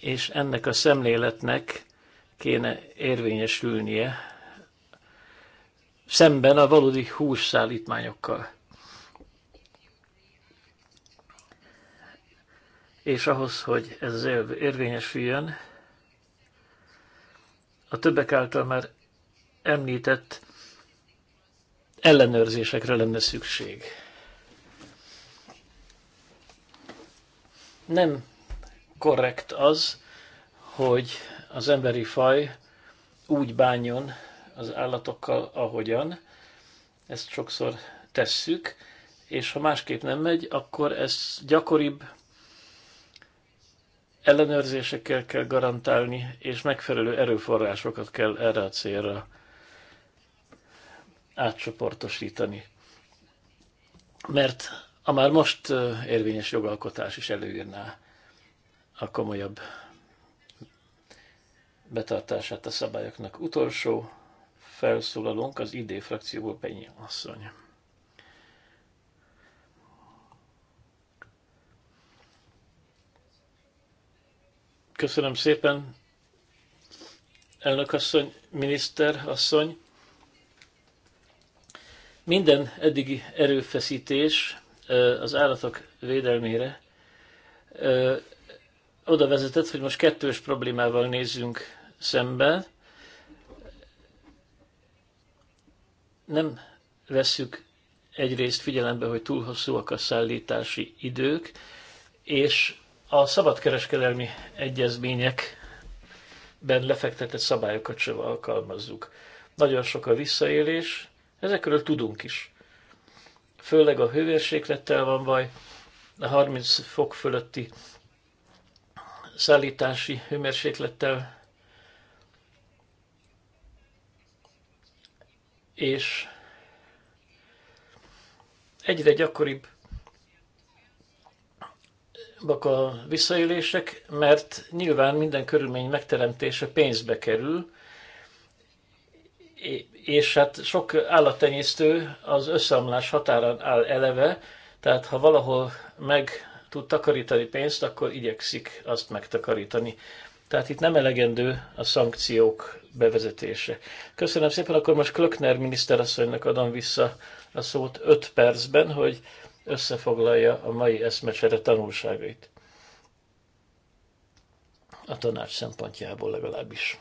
És ennek a szemléletnek kéne érvényesülnie szemben a valódi szállítmányokkal. És ahhoz, hogy ez érvényesüljön, a többek által már említett ellenőrzésekre lenne szükség. nem korrekt az, hogy az emberi faj úgy bánjon az állatokkal, ahogyan. Ezt sokszor tesszük, és ha másképp nem megy, akkor ez gyakoribb ellenőrzésekkel kell garantálni, és megfelelő erőforrásokat kell erre a célra átcsoportosítani. Mert a már most érvényes jogalkotás is előírná a komolyabb betartását a szabályoknak. Utolsó felszólalónk az ID frakcióból Penyi asszony. Köszönöm szépen, elnök asszony, miniszter asszony. Minden eddigi erőfeszítés az állatok védelmére oda vezetett, hogy most kettős problémával nézzünk szembe. Nem vesszük egyrészt figyelembe, hogy túl hosszúak a szállítási idők, és a szabadkereskedelmi egyezményekben lefektetett szabályokat sem alkalmazzuk. Nagyon sok a visszaélés, ezekről tudunk is főleg a hőmérséklettel van baj, a 30 fok fölötti szállítási hőmérséklettel, és egyre gyakoribb a visszaélések, mert nyilván minden körülmény megteremtése pénzbe kerül, és hát sok állattenyésztő az összeomlás határán áll eleve, tehát ha valahol meg tud takarítani pénzt, akkor igyekszik azt megtakarítani. Tehát itt nem elegendő a szankciók bevezetése. Köszönöm szépen, akkor most Klöckner miniszterasszonynak adom vissza a szót 5 percben, hogy összefoglalja a mai eszmecsere tanulságait. A tanács szempontjából legalábbis.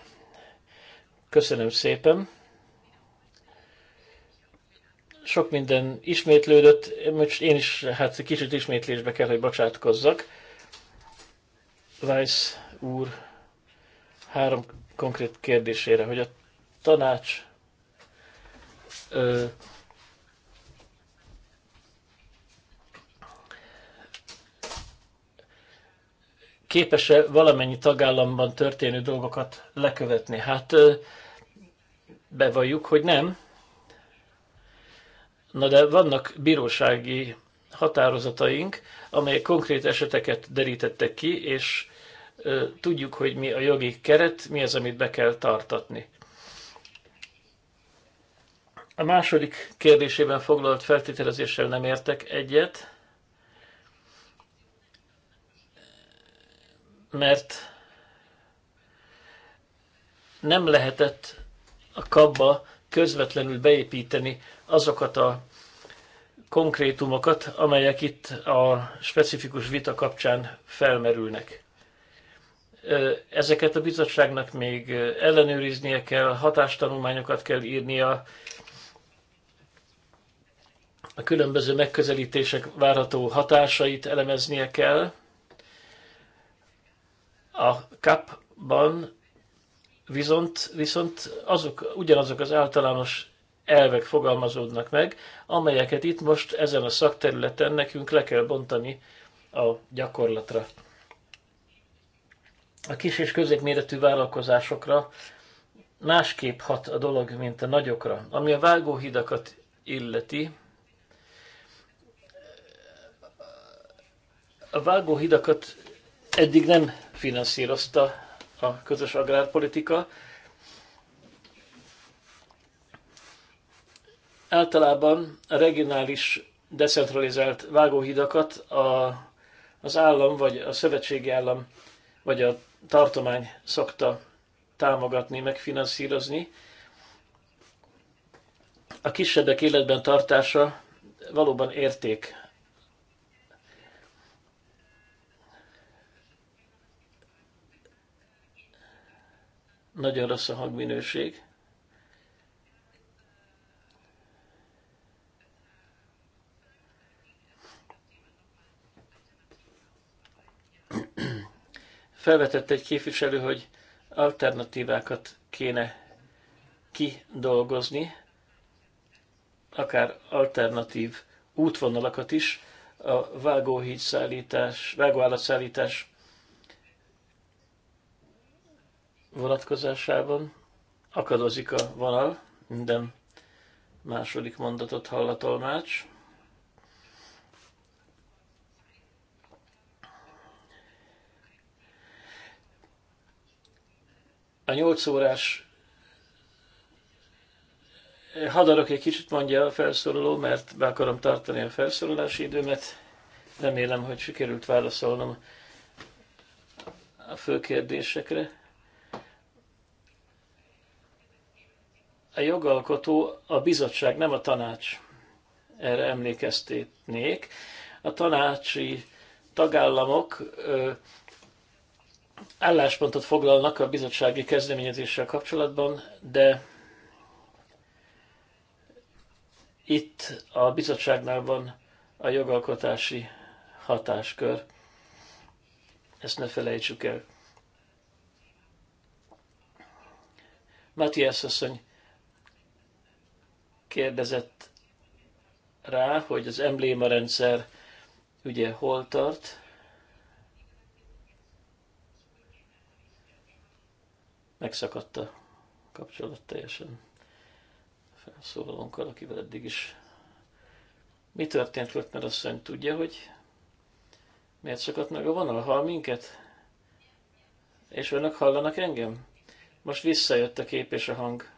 Köszönöm szépen! sok minden ismétlődött, most én is hát kicsit ismétlésbe kell, hogy bocsátkozzak. Weiss úr három konkrét kérdésére, hogy a tanács ö, képes-e valamennyi tagállamban történő dolgokat lekövetni? Hát ö, bevalljuk, hogy nem Na de vannak bírósági határozataink, amelyek konkrét eseteket derítettek ki, és ö, tudjuk, hogy mi a jogi keret, mi az, amit be kell tartatni. A második kérdésében foglalt feltételezéssel nem értek egyet, mert nem lehetett a kabba közvetlenül beépíteni azokat a konkrétumokat, amelyek itt a specifikus vita kapcsán felmerülnek. Ezeket a bizottságnak még ellenőriznie kell, hatástanulmányokat kell írnia, a különböző megközelítések várható hatásait elemeznie kell. A CAP-ban viszont, viszont azok, ugyanazok az általános elvek fogalmazódnak meg, amelyeket itt most ezen a szakterületen nekünk le kell bontani a gyakorlatra. A kis és középméretű vállalkozásokra másképp hat a dolog, mint a nagyokra. Ami a vágóhidakat illeti, a vágóhidakat eddig nem finanszírozta a közös agrárpolitika, Általában a regionális decentralizált vágóhidakat a, az állam, vagy a szövetségi állam, vagy a tartomány szokta támogatni, megfinanszírozni. A kisebbek életben tartása valóban érték. Nagyon rossz a hangminőség. Felvetett egy képviselő, hogy alternatívákat kéne kidolgozni, akár alternatív útvonalakat is a vágóhíd szállítás, vágóállatszállítás vonatkozásában. Akadozik a vonal, minden második mondatot hall a tolmács. a nyolc órás eh, hadarok egy kicsit mondja a felszólaló, mert be akarom tartani a felszólalási időmet. Remélem, hogy sikerült válaszolnom a fő kérdésekre. A jogalkotó a bizottság, nem a tanács. Erre emlékeztetnék. A tanácsi tagállamok álláspontot foglalnak a bizottsági kezdeményezéssel kapcsolatban, de itt a bizottságnál van a jogalkotási hatáskör. Ezt ne felejtsük el. Matthias asszony kérdezett rá, hogy az emblémarendszer ugye hol tart. megszakadt a kapcsolat teljesen felszólalónkkal, akivel eddig is. Mi történt mert azt asszony? Tudja, hogy miért szakadt meg a vonal? Hall minket? És önök hallanak engem? Most visszajött a kép és a hang.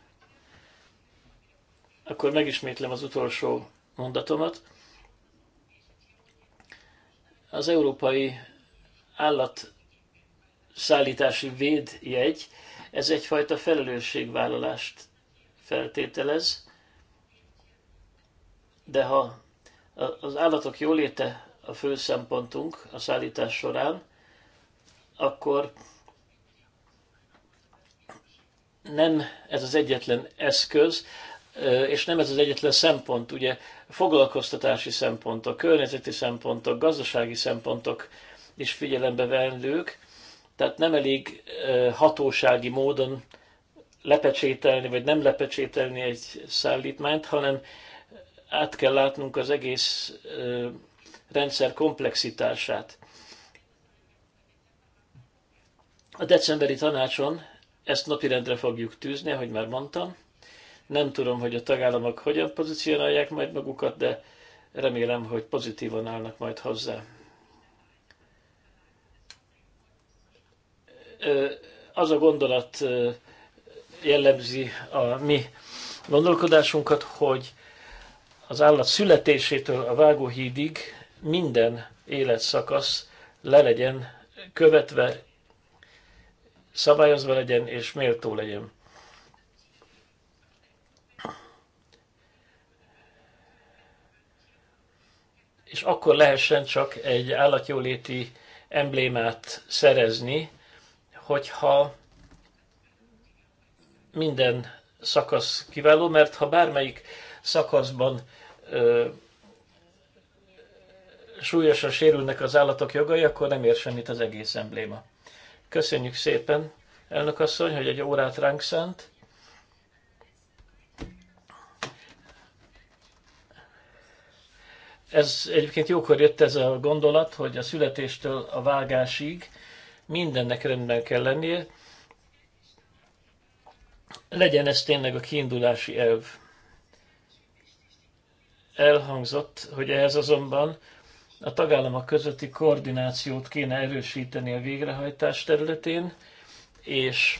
Akkor megismétlem az utolsó mondatomat. Az európai állat szállítási védjegy, ez egyfajta felelősségvállalást feltételez, de ha az állatok jóléte a fő szempontunk a szállítás során, akkor nem ez az egyetlen eszköz, és nem ez az egyetlen szempont, ugye foglalkoztatási szempontok, környezeti szempontok, gazdasági szempontok is figyelembe vendők, tehát nem elég hatósági módon lepecsételni, vagy nem lepecsételni egy szállítmányt, hanem át kell látnunk az egész rendszer komplexitását. A decemberi tanácson ezt napirendre fogjuk tűzni, ahogy már mondtam. Nem tudom, hogy a tagállamok hogyan pozícionálják majd magukat, de remélem, hogy pozitívan állnak majd hozzá. az a gondolat jellemzi a mi gondolkodásunkat, hogy az állat születésétől a vágóhídig minden életszakasz le legyen követve, szabályozva legyen és méltó legyen. És akkor lehessen csak egy állatjóléti emblémát szerezni, hogyha minden szakasz kiváló, mert ha bármelyik szakaszban ö, súlyosan sérülnek az állatok jogai, akkor nem ér semmit az egész embléma. Köszönjük szépen, elnök asszony, hogy egy órát ránk szent. Ez egyébként jókor jött ez a gondolat, hogy a születéstől a vágásig mindennek rendben kell lennie. Legyen ez tényleg a kiindulási elv. Elhangzott, hogy ehhez azonban a tagállamok közötti koordinációt kéne erősíteni a végrehajtás területén, és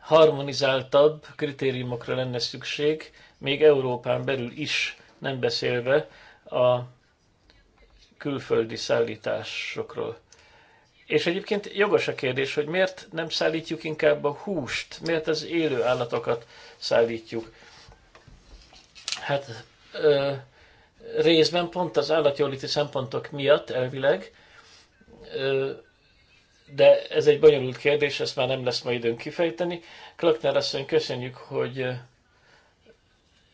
harmonizáltabb kritériumokra lenne szükség, még Európán belül is, nem beszélve a külföldi szállításokról. És egyébként jogos a kérdés, hogy miért nem szállítjuk inkább a húst, miért az élő állatokat szállítjuk. Hát ö, részben pont az állatjóléti szempontok miatt elvileg, ö, de ez egy bonyolult kérdés, ezt már nem lesz ma időnk kifejteni. Klöckner asszony, köszönjük, hogy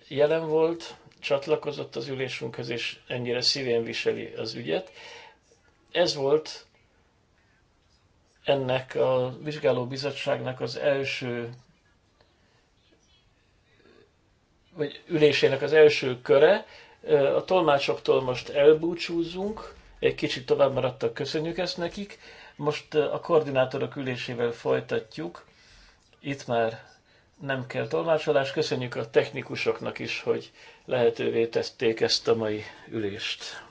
jelen volt csatlakozott az ülésünkhöz, és ennyire szívén viseli az ügyet. Ez volt ennek a vizsgáló bizottságnak az első vagy ülésének az első köre. A tolmácsoktól most elbúcsúzunk, egy kicsit tovább maradtak, köszönjük ezt nekik. Most eh, a koordinátorok ülésével folytatjuk. Itt már nem kell tolmácsolás, köszönjük a technikusoknak is, hogy lehetővé tették ezt a mai ülést.